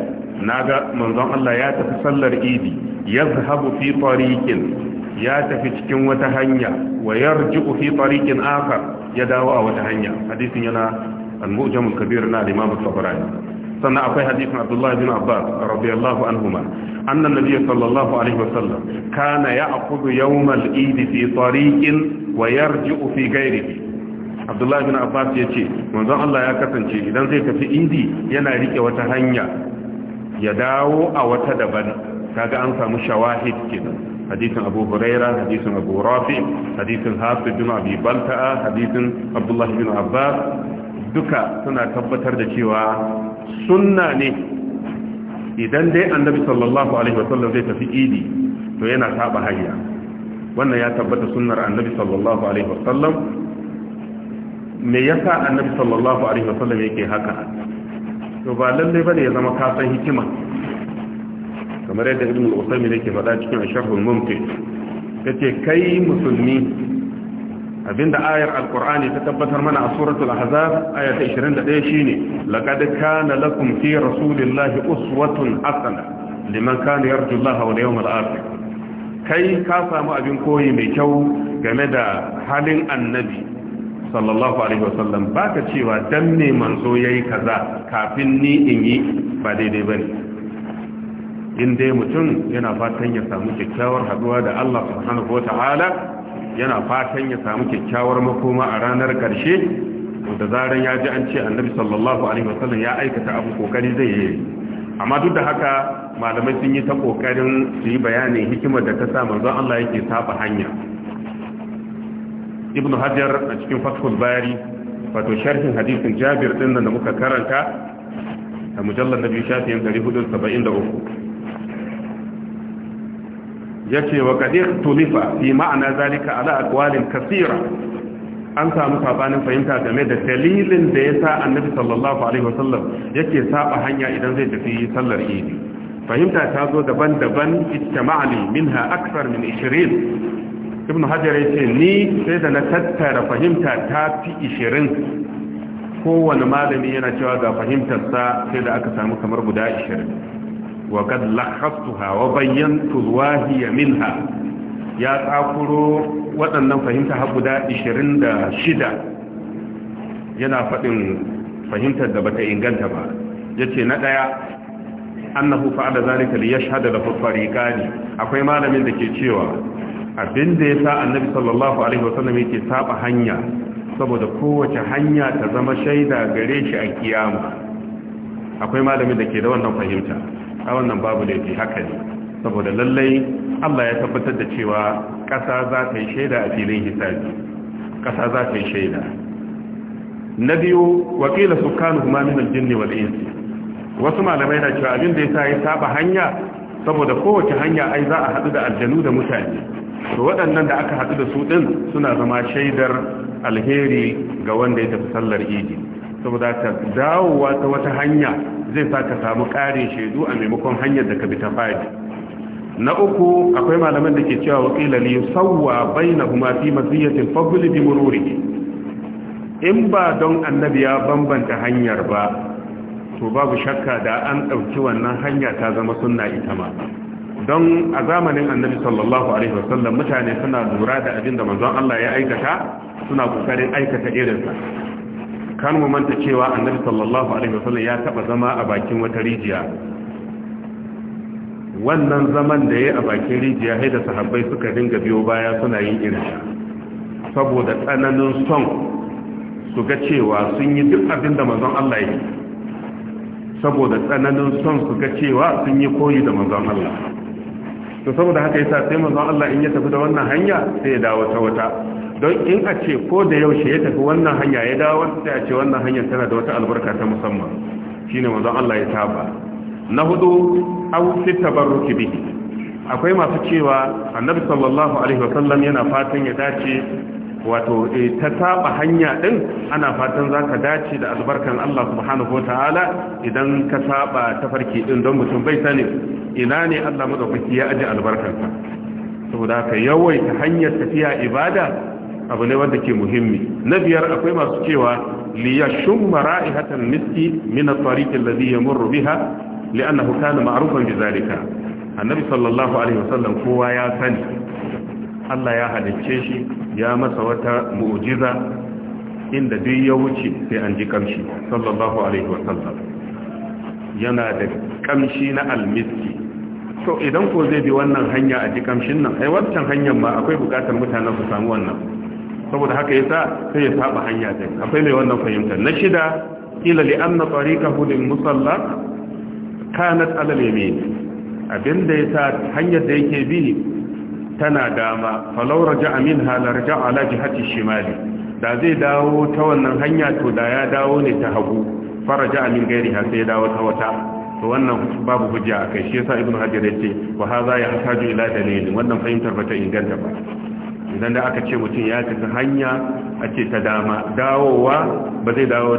Na ga manzon Allah ya tafi sallar idi ya zahabu fi tariqin ya tafi cikin wata hanya wa yarji'u fi tariqin akhar ya dawo a wata hanya hadisin yana al-mu'jam kabir na al-imam al-tabarani sannan akwai hadisin Abdullahi bin Abbas radiyallahu anhuma anna an-nabiy sallallahu alaihi wasallam kana ya'khudhu yawm al-eid fi tariqin wa yarji'u fi ghayrihi Abdullahi bin Abbas yace manzon Allah ya kasance idan zai tafi idi yana rike wata hanya ya dawo a wata daban kaga an samu shawahid kenan hadisin Abu Huraira hadisin Abu Rafi hadisin Hafid bin Abi Balta'a hadisin Abdullah bin Abbas duka suna tabbatar da cewa sunna ne idan dai annabi sallallahu alaihi wasallam zai tafi idi to yana saba hayya wannan ya tabbata sunnar annabi sallallahu alaihi wasallam me yasa annabi sallallahu alaihi wasallam yake haka to ba lalle bane ya zama ka san hikima kamar yadda ibn al-usaymi yake faɗa cikin asharhul mumti yace kai musulmi abinda ayar alqur'ani ta tabbatar mana a suratul ahzab aya ta 21 shine laqad kana lakum fi rasulillahi uswatun hasana liman kana yarju Allah wal yawmal akhir kai ka samu abin koyi mai kyau game da halin annabi sallallahu alaihi wasallam baka cewa dan ne manzo yayi kaza kafin ni in yi ba daidai bane in dai mutum yana fatan ya samu kyakkyawar haduwa da Allah subhanahu wataala yana fatan ya samu kyakkyawar makoma a ranar karshe da zaran ya ji an ce annabi sallallahu alaihi wasallam ya aikata abu kokari zai yi amma duk da haka malamai sun yi ta kokarin su yi bayanin hikimar da ta sa manzo Allah yake saba hanya Ibnu hajar a cikin fathul bari wato sharhin hadisin jabir din nan da muka karanta a mujallar na biyu shafin 473 ya ce wa kadir tulifa fi ma'ana zalika ala akwalin kasira an samu sabanin fahimta game da dalilin da ya sa annabi sallallahu alaihi wasallam yake saba hanya idan zai tafi sallar idi fahimta ta zo daban-daban ma'ani minha akthar min 20 ibn hajar ya ce ni sai da na tattara fahimta ta fi ishirin kowane malami yana cewa ga fahimtarsa sai da aka samu kamar guda ishirin wa kad lakhastuha wa bayyantu wahiya minha ya tsakuro waɗannan fahimta har guda ishirin da shida yana faɗin fahimtar da bata inganta ba yace na ɗaya annahu fa'ala zalika li yashhada lahu fariqani akwai malamin da ke cewa abin da ya sa annabi sallallahu alaihi wasallam yake saba hanya saboda kowace hanya ta zama shaida gare shi a kiyama akwai malamin da ke da wannan fahimta a wannan babu da ke haka ne saboda lallai Allah ya tabbatar da cewa ƙasa za ta yi shaida a filin hisabi ƙasa za ta yi shaida na biyu wakila sukanu kuma min aljinni wal insi wasu malamai na cewa abin da sa ya saba hanya saboda kowace hanya ai za a haɗu da aljanu da mutane to waɗannan da aka haɗu da su ɗin suna zama shaidar alheri ga wanda ya tafi sallar idi saboda ka dawowa ta wata hanya zai sa ka samu ƙarin shaidu a maimakon hanyar da ka bi ta fadi na uku akwai malaman da ke cewa wakila ne sauwa bai na kuma fi maziyyatin faguli bi mururi in ba don annabi ya bambanta hanyar ba to babu shakka da an ɗauki wannan hanya ta zama sunna ita ma don a zamanin annabi sallallahu alaihi wasallam mutane suna lura da abin da manzon Allah ya aikata suna kokarin aikata irinsa kan mu manta cewa annabi sallallahu alaihi wasallam ya taba zama a bakin wata rijiya wannan zaman da ya a bakin rijiya sai da sahabbai suka dinga biyo baya suna yin irinsa saboda tsananin son su ga cewa sun yi duk abin da manzon Allah ya yi saboda tsananin son su ga cewa sun yi koyi da manzon Allah to saboda haka yasa sai manzon Allah in ya tafi da wannan hanya sai ya dawo ta wata don in a ce ko da yaushe ya tafi wannan hanya ya dawo sai a ce wannan hanyar tana da wata albarka ta musamman shine manzon Allah ya saba na hudu aw tabarruki bihi akwai masu cewa annabi sallallahu alaihi wasallam yana fatan ya dace wato eh, ta saba hanya din ana fatan za ka dace da albarkan Allah subhanahu ta'ala idan ka saba tafarki din don mutum bai sani ina ne Allah madaukaki ya aje albarkansa saboda ka yawaita hanyar tafiya ibada abu ne wanda ke muhimmi na biyar akwai masu cewa liyashum mara'ihatan miski min at-tariq alladhi yamurru biha li'annahu kana ma'rufan bi zalika annabi sallallahu alaihi wasallam kowa ya sani Allah ya halicce shi ya masa wata mu'jiza inda duk ya wuce sai an ji kamshi sallallahu alaihi wa sallam yana da kamshi na almiski to idan ko zai bi wannan hanya a ji kamshin nan ai wancan hanyar ma akwai bukatar mutane su samu wannan saboda haka yasa sai ya saba hanya din akwai mai wannan fahimta na shida kila li anna tariqahu lil musalla kanat ala al yamin abinda yasa hanyar da yake bi tana dama falau raja amin halarja ala jihati shimali da zai dawo ta wannan hanya to da ya dawo ne ta hagu faraja amin gairi ha sai ya dawo ta wata to wannan babu hujja a kai shi yasa ibnu hajar yace wa hadha ya hasaju ila dalil wannan fahimtar bata inganta ba idan da aka ce mutum ya tafi hanya a ce ta dama dawowa ba zai dawo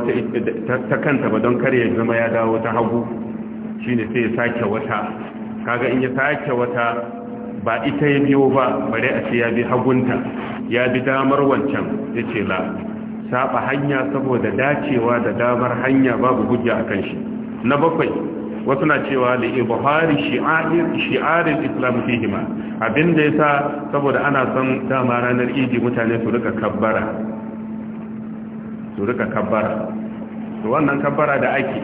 ta kanta ba don kare ya zama ya dawo ta hagu shine sai ya sake wata kaga in ya sake wata ba ita ya biyo ba bare a ce ya bi hagunta ya bi damar wancan ya ce la saba hanya saboda dacewa da damar hanya babu a kan shi na bakwai wasu na cewa da ibuhari shi'arin islam fihima abinda ya sa saboda ana son dama ranar iji mutane su rika kabbara su rika kabbara su wannan kabbara da ake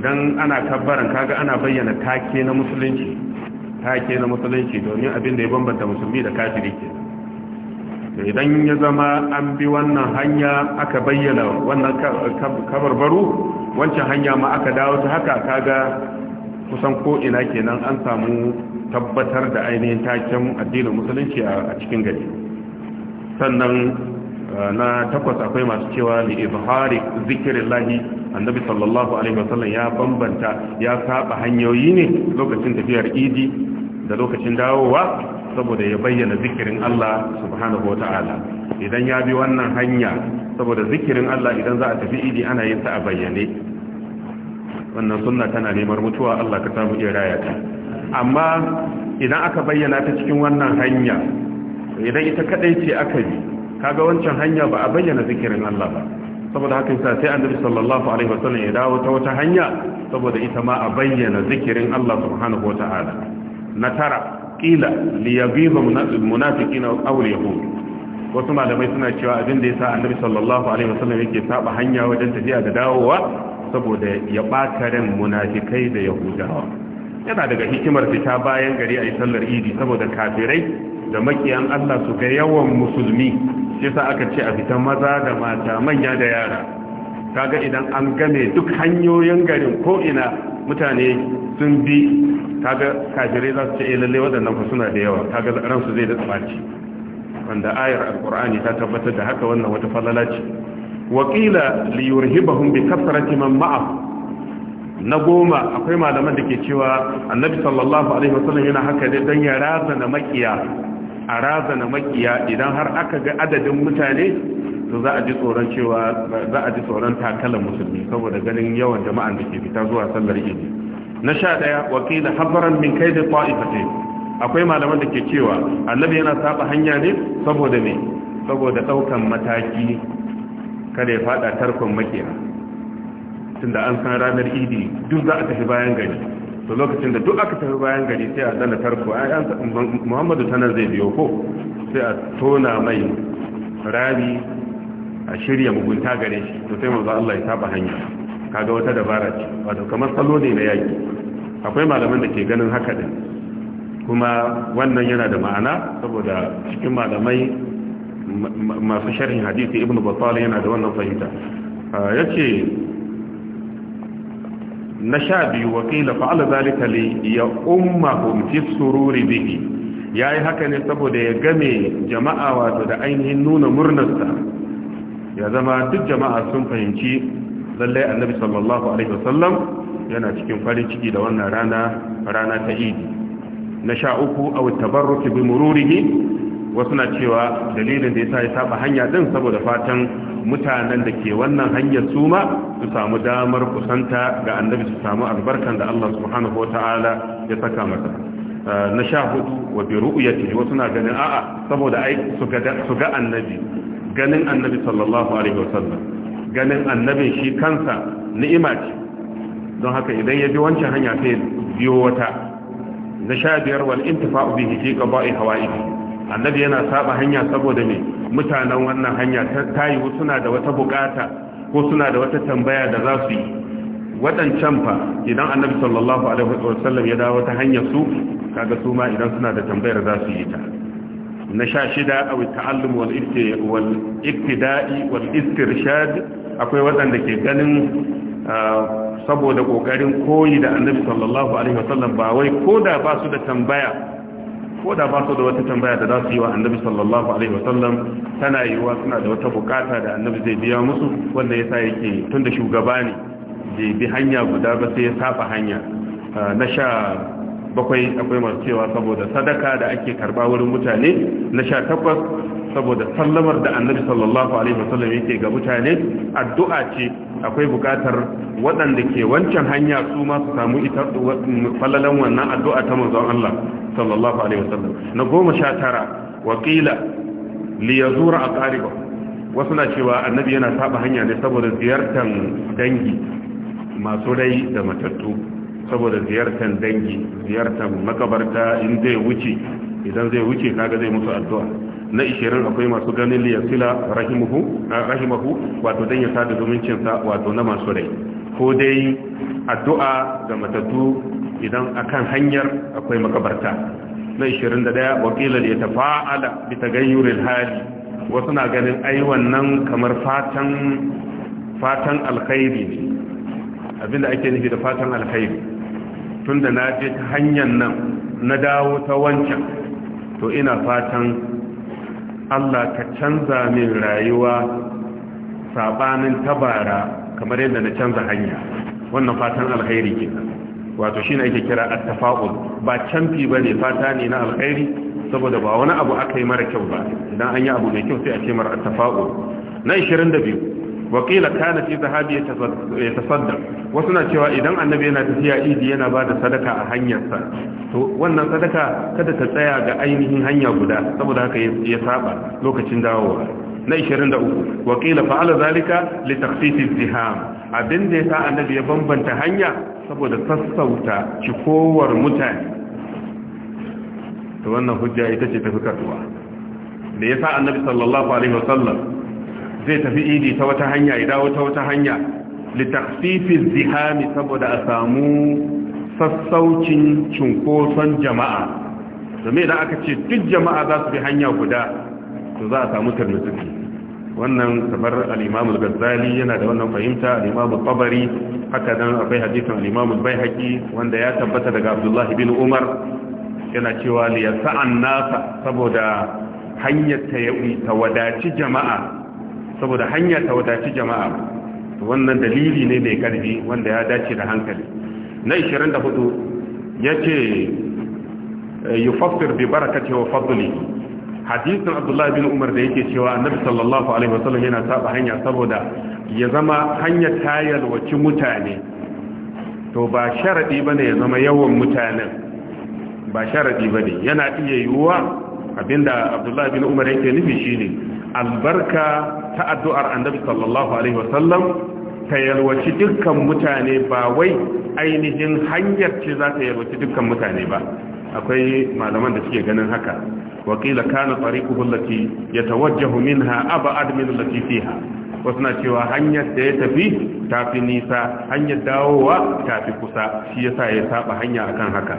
idan ana kabbaran kaga ana bayyana take na musulunci take na musulunci domin abin da ya bambanta musulmi da kafiri ke idan ya zama an bi wannan hanya aka bayyana wannan kabarbaru wancan hanya ma aka dawo ta haka ga kusan ko'ina kenan an samu tabbatar da ainihin taken addinin musulunci a cikin gari sannan eh, na takwas akwai masu cewa li izhari zikirin lahi annabi sallallahu alaihi wasallam ya bambanta ya saba hanyoyi ne lokacin tafiyar idi da lokacin dawowa saboda ya bayyana zikirin Allah subhanahu wata'ala idan ya bi wannan hanya saboda zikirin Allah idan za a tafi idi ana yin ta a bayyane wannan sunna tana neman mutuwa Allah ka samu iya raya ta amma idan aka bayyana ta cikin wannan hanya idan ita kadai ce aka bi kaga wancan hanya ba a bayyana zikirin Allah ba saboda haka yasa sai annabi sallallahu alaihi wasallam ya dawo ta wata hanya saboda ita ma a bayyana zikirin Allah subhanahu wataala na tara kila liyaghiza munafiqina aw yahud wasu malamai suna cewa abin da yasa annabi sallallahu alaihi wasallam yake saba hanya wajen tafiya da dawowa saboda ya ɓata ran munafikai da yahudawa yana daga hikimar fita bayan gari ayi sallar idi saboda kafirai da makiyan Allah su ga yawan musulmi shi yasa aka ce a fitan maza da mata manya da yara kaga idan an game duk hanyoyin garin ko ina mutane sun bi kaga kajirai za su ce eh, lalle waɗannan ku suna da yawa kaga ransu zai da tsaci wanda ayar Alƙur'ani ta tabbatar da haka wannan wata falala ce waqila li yurhibahum bi kasrati man ma'a na goma akwai malaman da ke cewa annabi sallallahu alaihi wasallam yana haka dai don ya razana makiya a razana makiya idan har aka ga adadin mutane to za a ji tsoron cewa za a ji tsoron takalar musulmi saboda ganin yawan jama'an da ke fita zuwa sallar idi na sha ɗaya wakila habaran min kai da ta'ifatai akwai malaman da ke cewa annabi yana saba hanya ne saboda me saboda daukan mataki kada ya fada tarkon makiya da an san ranar idi duk za a tafi bayan gari to lokacin da duk aka tafi bayan gari sai a tsana tarko ai an muhammadu tana zai biyo ko sai a tona mai rami a shirya mugunta gare shi to sai manzo Allah ya saba hanya kaga wata dabara ce wato kamar salo ne na yaki akwai malaman da ke ganin haka din kuma wannan yana da ma'ana saboda cikin malamai masu sharhin hadisi ibnu battal yana da wannan fahimta ah, yace na sha biyu wakila fa'ala zalika li ya ummahum fi sururi bihi yayi haka ne saboda ya game jama'a wato da ainihin nuna murnarsa ya zama duk jama'a sun fahimci lallai annabi sallallahu alaihi wasallam yana cikin farin ciki da wannan rana rana ta idi na sha uku a tabarruki bi mururihi wasu na cewa dalilin da yasa ya saba hanya din saboda fatan mutanen da ke wannan hanyar su ma su samu damar kusanta ga annabi su samu albarkan da Allah subhanahu wataala ya saka masa ah, na sha hudu wa bi ru'yati wasu na ganin a'a saboda ai su ga annabi ganin annabi sallallahu alaihi wasallam ganin annabin shi kansa ni'ima ce don haka idan ya bi wancan hanya sai biyo wata na sha biyar wal intifa'u bihi fi qada'i hawa'ihi annabi yana saba hanya saboda me mutanen wannan hanya ta tayi suna da wata bukata ko suna da wata tambaya da za su yi waɗancan fa idan annabi sallallahu alaihi wasallam ya dawo ta hanyar su kaga su ma idan suna da tambayar za su yi ta na sha shida a ta'allum wal ibtida'i wal akwai waɗanda ke ganin ah, saboda ƙoƙarin koyi da annabi sallallahu alaihi wasallam ba wai koda ba su da tambaya ba su da wata tambaya da za su yi wa annabi sallallahu alaihi wasallam tana yiwuwa suna da wata bukata da annabi zai biya musu wanda yasa yake da shugaba ne bai bi hanya guda ba sai ya safa hanya ah, na sha bakwai akwai masu cewa saboda sadaka da ake karba wurin mutane na sha takwas saboda sallamar da annabi sallallahu alaihi wasallam yake ga mutane addu'a ce akwai bukatar waɗanda ke wancan hanya su ma su samu ita fallalan wannan addu'a ta manzon Allah sallallahu alaihi wasallam na goma sha tara wakila li yazura aqariba wasu na cewa annabi yana saba hanya ne saboda ziyartar dangi masu rai da matattu saboda ziyartar dangi ziyartar makabarta in zai wuce idan zai wuce kaga zai musu addu'a na 20 akwai masu ganin liyasila rahimuhu rahimahu wato dan ya sada zumuncin sa wato na masu rai ko dai addu'a ga matattu idan akan hanyar akwai makabarta na 21 wakilan ya tafa'ala bi tagayyuril hali wasu na ganin ai wannan kamar fatan fatan alkhairi ne abinda ake nufi da fatan alkhairi tunda na je ta hanyar nan na dawo ta wancan to ina fatan Allah ka canza min rayuwa sabanin tabara kamar yadda na canza hanya wannan fatan alkhairi kenan wato shine ake kira at-tafa'ul ba canfi ne fata ne na alkhairi saboda ba wani abu aka yi mara kyau ba idan an yi abu mai kyau sai a ce mara a tafaul na 22 wakila kana fi zahabi ya tasadda wasu na cewa idan annabi yana tafiya idi yana ba da sadaka a hanyarsa to wannan sadaka kada ta tsaya ga ainihin hanya guda saboda haka ya saba lokacin dawowa na 23 wakila fa'ala zalika li takhsisi ziham abin da yasa annabi ya bambanta hanya saboda sassauta cikowar mutane to wannan hujja ita ce tafi karbuwa da yasa annabi sallallahu alaihi wasallam zai tafi idi ta wata hanya ya dawo ta wata hanya litakhfifi zihami saboda a samu sassaucin cunkoson jama'a domin idan aka ce duk jama'a za su bi hanya guda to za a samu tarnutsuki wannan kamar alimamul gazali yana da wannan fahimta alimamul babari haka dan akwai hadisin alimamul bai al wanda ya tabbata daga abdullahi bin umar yana cewa li yasa'an nasa saboda hanyar ta wadaci jama'a saboda hanya ta wadaci jama'a wannan dalili ne mai karfi wanda ya dace da hankali na 24 yace fafir bi baraka wa fadli hadisun abdullahi bin umar da yake cewa annabi sallallahu alaihi wasallam yana saba hanya saboda ya zama hanya ta yalwaci mutane to ba sharadi bane ya zama yawan mutanen ba sharadi bane yana iya yiwuwa abinda abdullahi bin umar yake nufi shine albarka ta addu'ar annabi sallallahu alaihi wasallam ta yalwaci dukkan mutane ba wai ainihin hanyar ce za ta yalwaci dukkan mutane ba akwai malaman da suke ganin haka wakila kana tariquhu allati yatawajjahu minha ab'ad min allati fiha wasu na cewa hanyar da ya tafi tafi nisa hanyar dawowa tafi kusa shi yasa ya saba hanya akan haka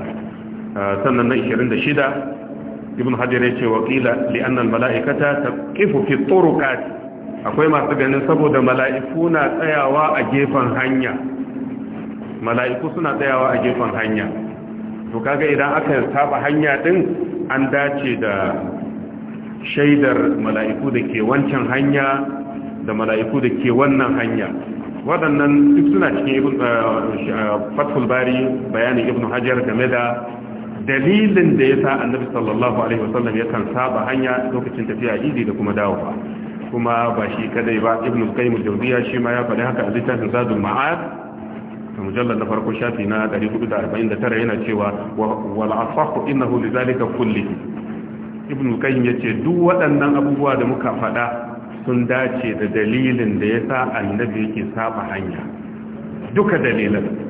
sannan na 26 ibn hajar ya ce waƙila qila li anna al mala'ikata taqifu fi turuqat akwai masu ganin saboda mala'iku na tsayawa a gefen hanya mala'iku suna tsayawa a gefen hanya to kaga idan aka saɓa hanya din an dace da shaidar mala'iku da ke wancan hanya da mala'iku da ke wannan hanya waɗannan duk suna cikin eh, fathul bari bayanin ibn hajar game da dalilin da ya sa annabi sallallahu alaihi wasallam ya kan saba hanya lokacin tafiya idi da kuma dawowa kuma ba shi kadai ba ibnu qayyim al-jawziya shi ma ya faɗi haka a littafin zadul ma'ad a na farko shafi na 449 yana cewa wal asahu innahu lidhalika kullihi ibnu qayyim yace duk waɗannan abubuwa da muka faɗa sun dace da dalilin da ya sa annabi yake saba hanya duka dalilan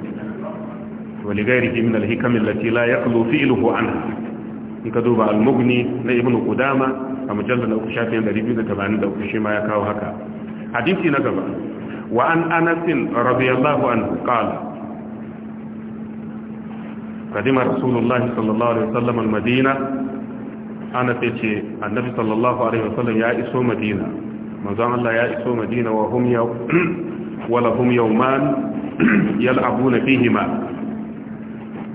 ولغيره من الهكم التي لا يخلو فئله عنها إنك دوبة المغني لإبن قدامة ومجلد أكشافين لربيد كبان لأكشيما يكاو هكا حديثي نقبا وأن أنس رضي الله عنه قال قدم رسول الله صلى الله عليه وسلم المدينة أنا تيتي النبي صلى الله عليه وسلم يا إسو مدينة من زعم الله يا إسو مدينة وهم يوم ولهم يومان يلعبون فيهما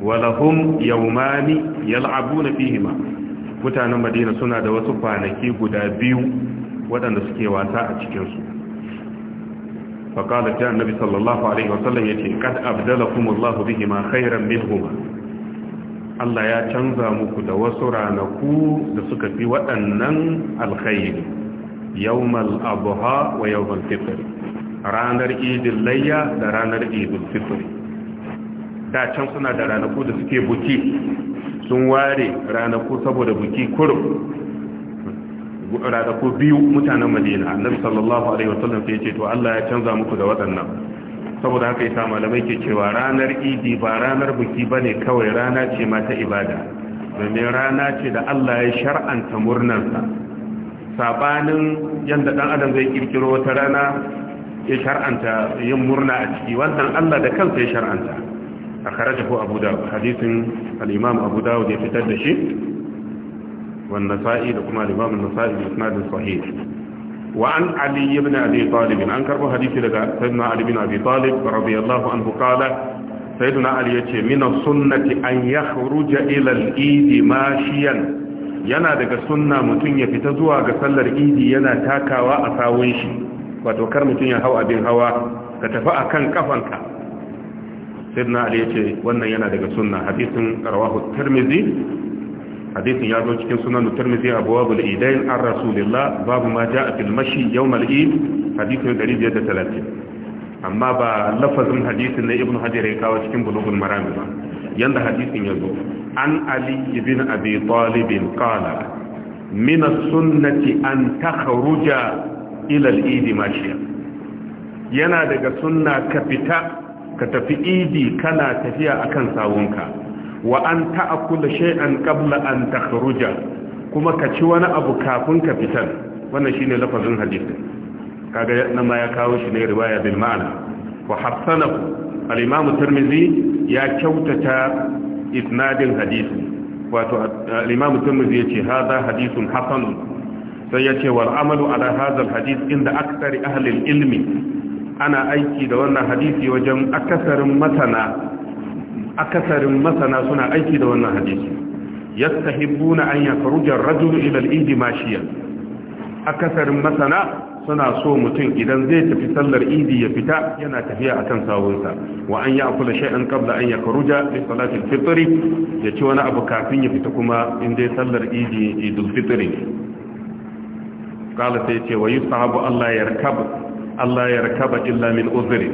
walahum yawmani yal'abuna fihima mutanen madina suna da wasu kwanaki guda biyu waɗanda suke wasa a cikin su jihar Nabi annabi sallallahu alaihi wasallam yace kad abdalakumullahu bihima khairan minhuma Allah ya canza muku da wasu ranaku da suka fi waɗannan alkhairi yawmal abha wa yawmal fitr ranar idil layya da ranar idil fitr da can suna da ranaku da suke buki sun ware ranaku saboda buki kurum ranaku biyu mutanen madina annabi sallallahu alaihi wasallam sai ce to Allah ya canza muku da waɗannan saboda haka yasa malamai ke cewa ranar idi ba ranar buki bane kawai rana ce ma ta ibada domin rana ce da Allah ya shar'anta murnarsa sabanin yanda dan adam zai kirkiro wata rana ya shar'anta yin murna a ciki wannan Allah da kansa ya shar'anta akharajahu abu dawud hadisin al-imam abu dawud ya fitar da shi wan nasa'i da kuma al-imam an-nasa'i bi isnad sahih wa an ali ibn abi talib an karbo hadisi daga sayyidina ali bin abi talib radiyallahu anhu qala sayyidina ali yace min as-sunnati an yakhruja ila al-eid mashiyan yana daga sunna mutum ya fita zuwa ga sallar idi yana takawa a sawun shi wato kar mutum ya hau abin hawa ka tafi akan kafanka sayyidina ali ce wannan yana daga sunna hadisin rawahu tarmizi hadisin ya zo cikin sunan tirmidhi abwabul idain ar rasulillah babu ma jaa fil mashi yawm dari biyar da 530 amma ba lafazin hadisin na ibn hajar ya kawo cikin bulugul marami ba yanda hadisin ya zo an ali ibn abi talib qala min sunnati an takhruja ila al eid mashiya yana daga sunna ka fita ka tafi idi kana tafiya akan sawunka wa an ta'kula shay'an qabla an takhruja kuma ka ci wani abu kafin ka fitar wannan shine lafazin hadisi kaga nan ma ya kawo shi ne riwaya bil ma'ana wa hasanahu al-imam tirmidhi ya kyautata isnadin hadisi wato al-imam tirmidhi yace hadha hadithun hasan sai yace wal amalu ala hadha al-hadith inda aktsari ahli al-ilmi ana aiki da wannan hadisi wajen akasarin masana akasarin masana suna aiki da wannan hadisi yastahibbuna an yakhruja ar-rajulu ila al-eid mashiya akasarin masana suna so mutum idan zai tafi sallar idi ya fita yana tafiya akan sawunsa wa an ya'kula shay'an qabla an yakhruja li salati al-fitr ya ci wani abu kafin ya fita kuma in dai sallar idi idul fitr qala sai ce wa yusahabu Allah yarkab Allah ya rakaba illa min uzuri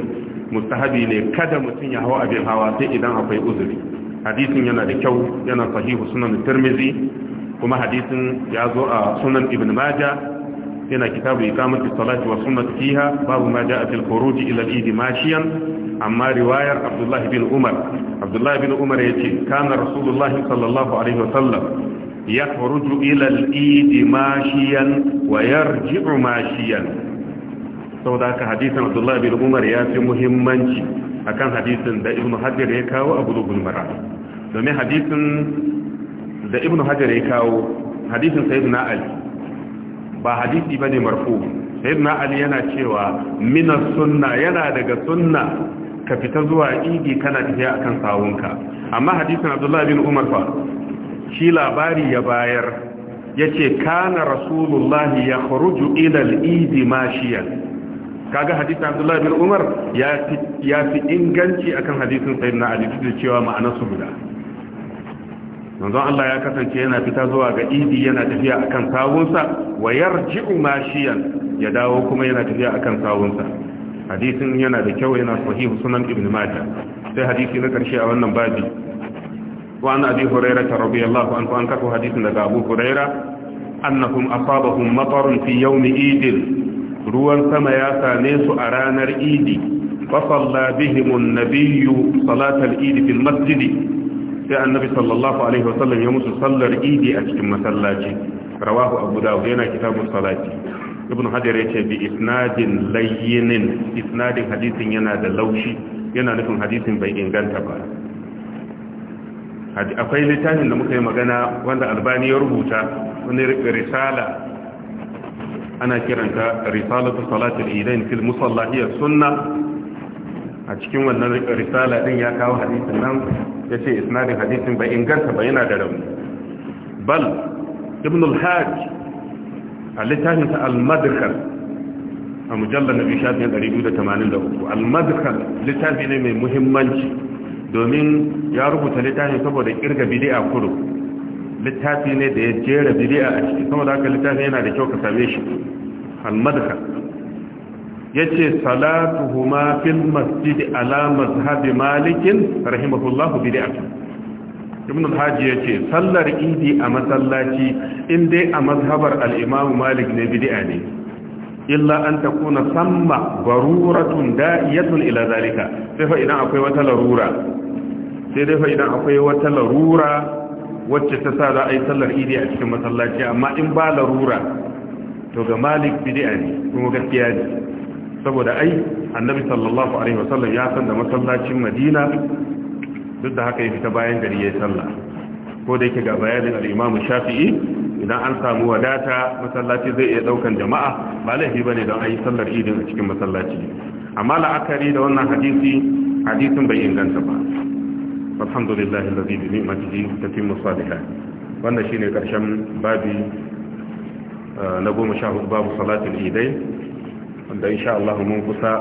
mustahabi ne kada mutum ya hawa abin hawa sai idan akwai uzuri hadisin yana da kyau yana sahihu sunan tirmizi kuma hadisin ya zo a sunan ibn maja yana kitabu iqamati salati wa sunnati fiha babu ma jaa fil khuruj ila al-eid mashiyan amma riwayar abdullah bin umar abdullah bin umar yace kana rasulullahi sallallahu alaihi wa sallam yakhruju ila al-eid mashiyan wa yarji'u mashiyan saboda haka hadisan abdullahi bin umar ya fi muhimmanci akan hadisin da ibnu hajar ya kawo a bulugul mara domin hadisin da ibnu hajar ya kawo hadisin sayyidina ali ba hadisi ba ne marfu sayyidina ali yana cewa mina sunna yana daga sunna ka fita zuwa idi kana tafiya akan sawunka amma hadisin abdullahi bin umar fa shi labari ya bayar ya yace kana rasulullahi ya khuruju ila al-idi mashiyan kaga hadisin Abdullah bin Umar ya fi ya fi inganci akan hadisin Sayyidina Ali da cewa ma'anar su guda manzon Allah ya kasance yana fita zuwa ga idi yana tafiya akan sawunsa wa yarji'u mashiyan ya dawo kuma yana tafiya akan sawunsa hadisin yana da kyau yana sahihu sunan ibn majah sai hadisi na karshe a wannan babi wa an abi hurairah radiyallahu anhu an karbo hadisin daga abu hurairah annahum asabahum matarun fi yawmi idil ruwan sama ya same su a ranar idi fasalla bihimun Nabiyu salatar idi fil masjidi sai annabi sallallahu alaihi wasallam ya musu sallar idi a cikin masallaci rawahu abu dawud yana kitabun salati ibn hajar yace bi isnadin layyinin isnadin hadisin yana da laushi yana nufin hadisin bai inganta ba akwai littafin da muka yi magana wanda albani ya rubuta wani risala ana kiranta risalatu salatul idain fil musalla hiya sunna a cikin wannan risala din ya kawo hadisin nan yace isnadin hadisin bai inganta ba yana da rauni bal ibn al-hajj a littafinsa al-madkhal a mujallar na bishafin 283 al-madkhal littafi ne mai muhimmanci domin ya rubuta littafi saboda kirga bidi'a kuro littafi ne da ya jera bid'a a ciki kuma da haka littafi yana da kyau ka same shi al ce, yace huma, fil masjid ala mazhab malikin, rahimahullahu bid'atun ibn al-haji yace sallar idi a masallaci in dai a mazhabar al-imam malik ne bid'a ne illa an takuna samma baruratun da'iyatun ila zalika sai fa idan akwai wata larura sai dai fa idan akwai wata larura wacce ta sa za a yi sallar idi a cikin masallaci amma in ba larura to ga malik bid'a ne kuma gaskiya ne saboda ai annabi sallallahu alaihi wasallam ya san da masallacin madina duk da haka ya fita bayan gari ya yi sallah ko da yake ga bayanin al imam shafi'i idan an samu wadata masallaci zai iya daukan jama'a ba laifi bane don yi sallar idi a cikin masallaci amma la'akari da wannan hadisi hadisin bai inganta ba alhamdulillah alladhi bi ni'matihi tatimmu salihat wannan shine karshen babi uh, na goma sha hudu babu salatul idai wanda insha Allah mun kusa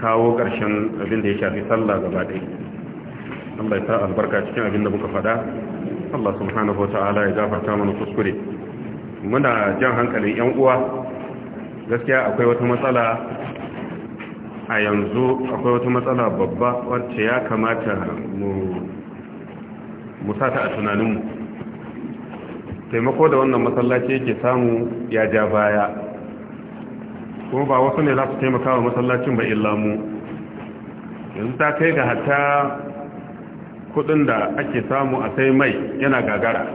kawo karshen abin da ya shafi sallah gaba ɗaya Allah ya sa albarka cikin abin da muka faɗa Allah subhanahu wata'ala ya gafarta mana kuskure muna jan hankalin yan uwa gaskiya akwai wata matsala a yanzu akwai wata matsala babba wacce ya kamata mu sata a tunaninmu taimako da wannan masallaci yake samu ya ja baya kuma ba wasu ne za su taimaka wa masallacin ba illa mu yanzu ta kai ga hata kudin da ake samu a sai mai yana gagara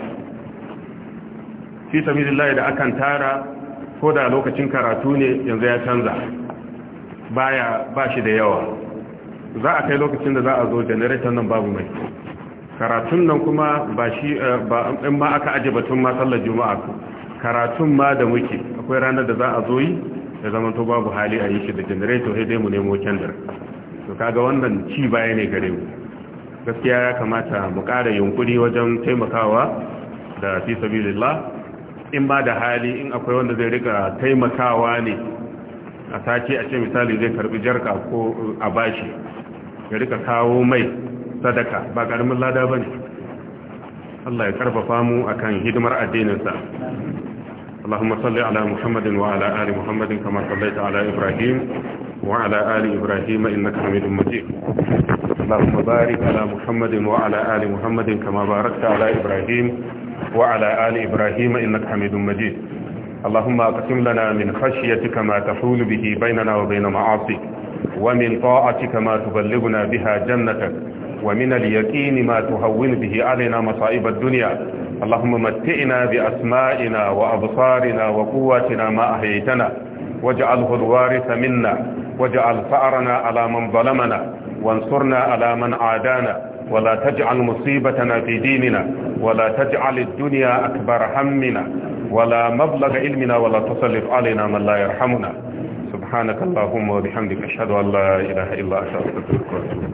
fi sami da akan tara ko da lokacin karatu ne yanzu ya canza baya ba shi da yawa za a kai lokacin da za a zo janaraitan nan babu mai karatun nan kuma ba shi eh, ba in ma aka aje batun ma sallar juma'a karatun ma da muke akwai ranar da za a zo yi da zaman to babu hali a yi shi da janaraitan sai dai mu nemo kendir to kaga wannan ci baya ne gare mu gaskiya ya kamata mu ƙara yunkuri wajen taimakawa da fi sabilillah in ba da hali in akwai wanda zai rika taimakawa ne a sati a ce misali zai karbi jarka ko a bashi ya rika kawo mai sadaka ba karamin lada ba ne Allah ya karfafa mu akan hidimar addininsa Allahumma salli ala Muhammadin wa ali Muhammadin kama salli ala Ibrahim wa ali Ibrahim inna ka hamidun mutum Allahumma barik ala Muhammadin wa ali Muhammadin kama barakta ala Ibrahim wa ali Ibrahim inna ka hamidun mutum اللهم اقسم لنا من خشيتك ما تحول به بيننا وبين معاصيك ومن طاعتك ما تبلغنا بها جنتك ومن اليقين ما تهون به علينا مصائب الدنيا اللهم متئنا بأسمائنا وأبصارنا وقواتنا ما أهيتنا واجعله الوارث منا واجعل فأرنا على من ظلمنا وانصرنا على من عادانا ولا تجعل مصيبتنا في ديننا ولا تجعل الدنيا أكبر همنا ولا مبلغ علمنا ولا تسلط علينا من لا يرحمنا سبحانك اللهم وبحمدك أشهد أن لا إله إلا أنت أستغفرك وأتوب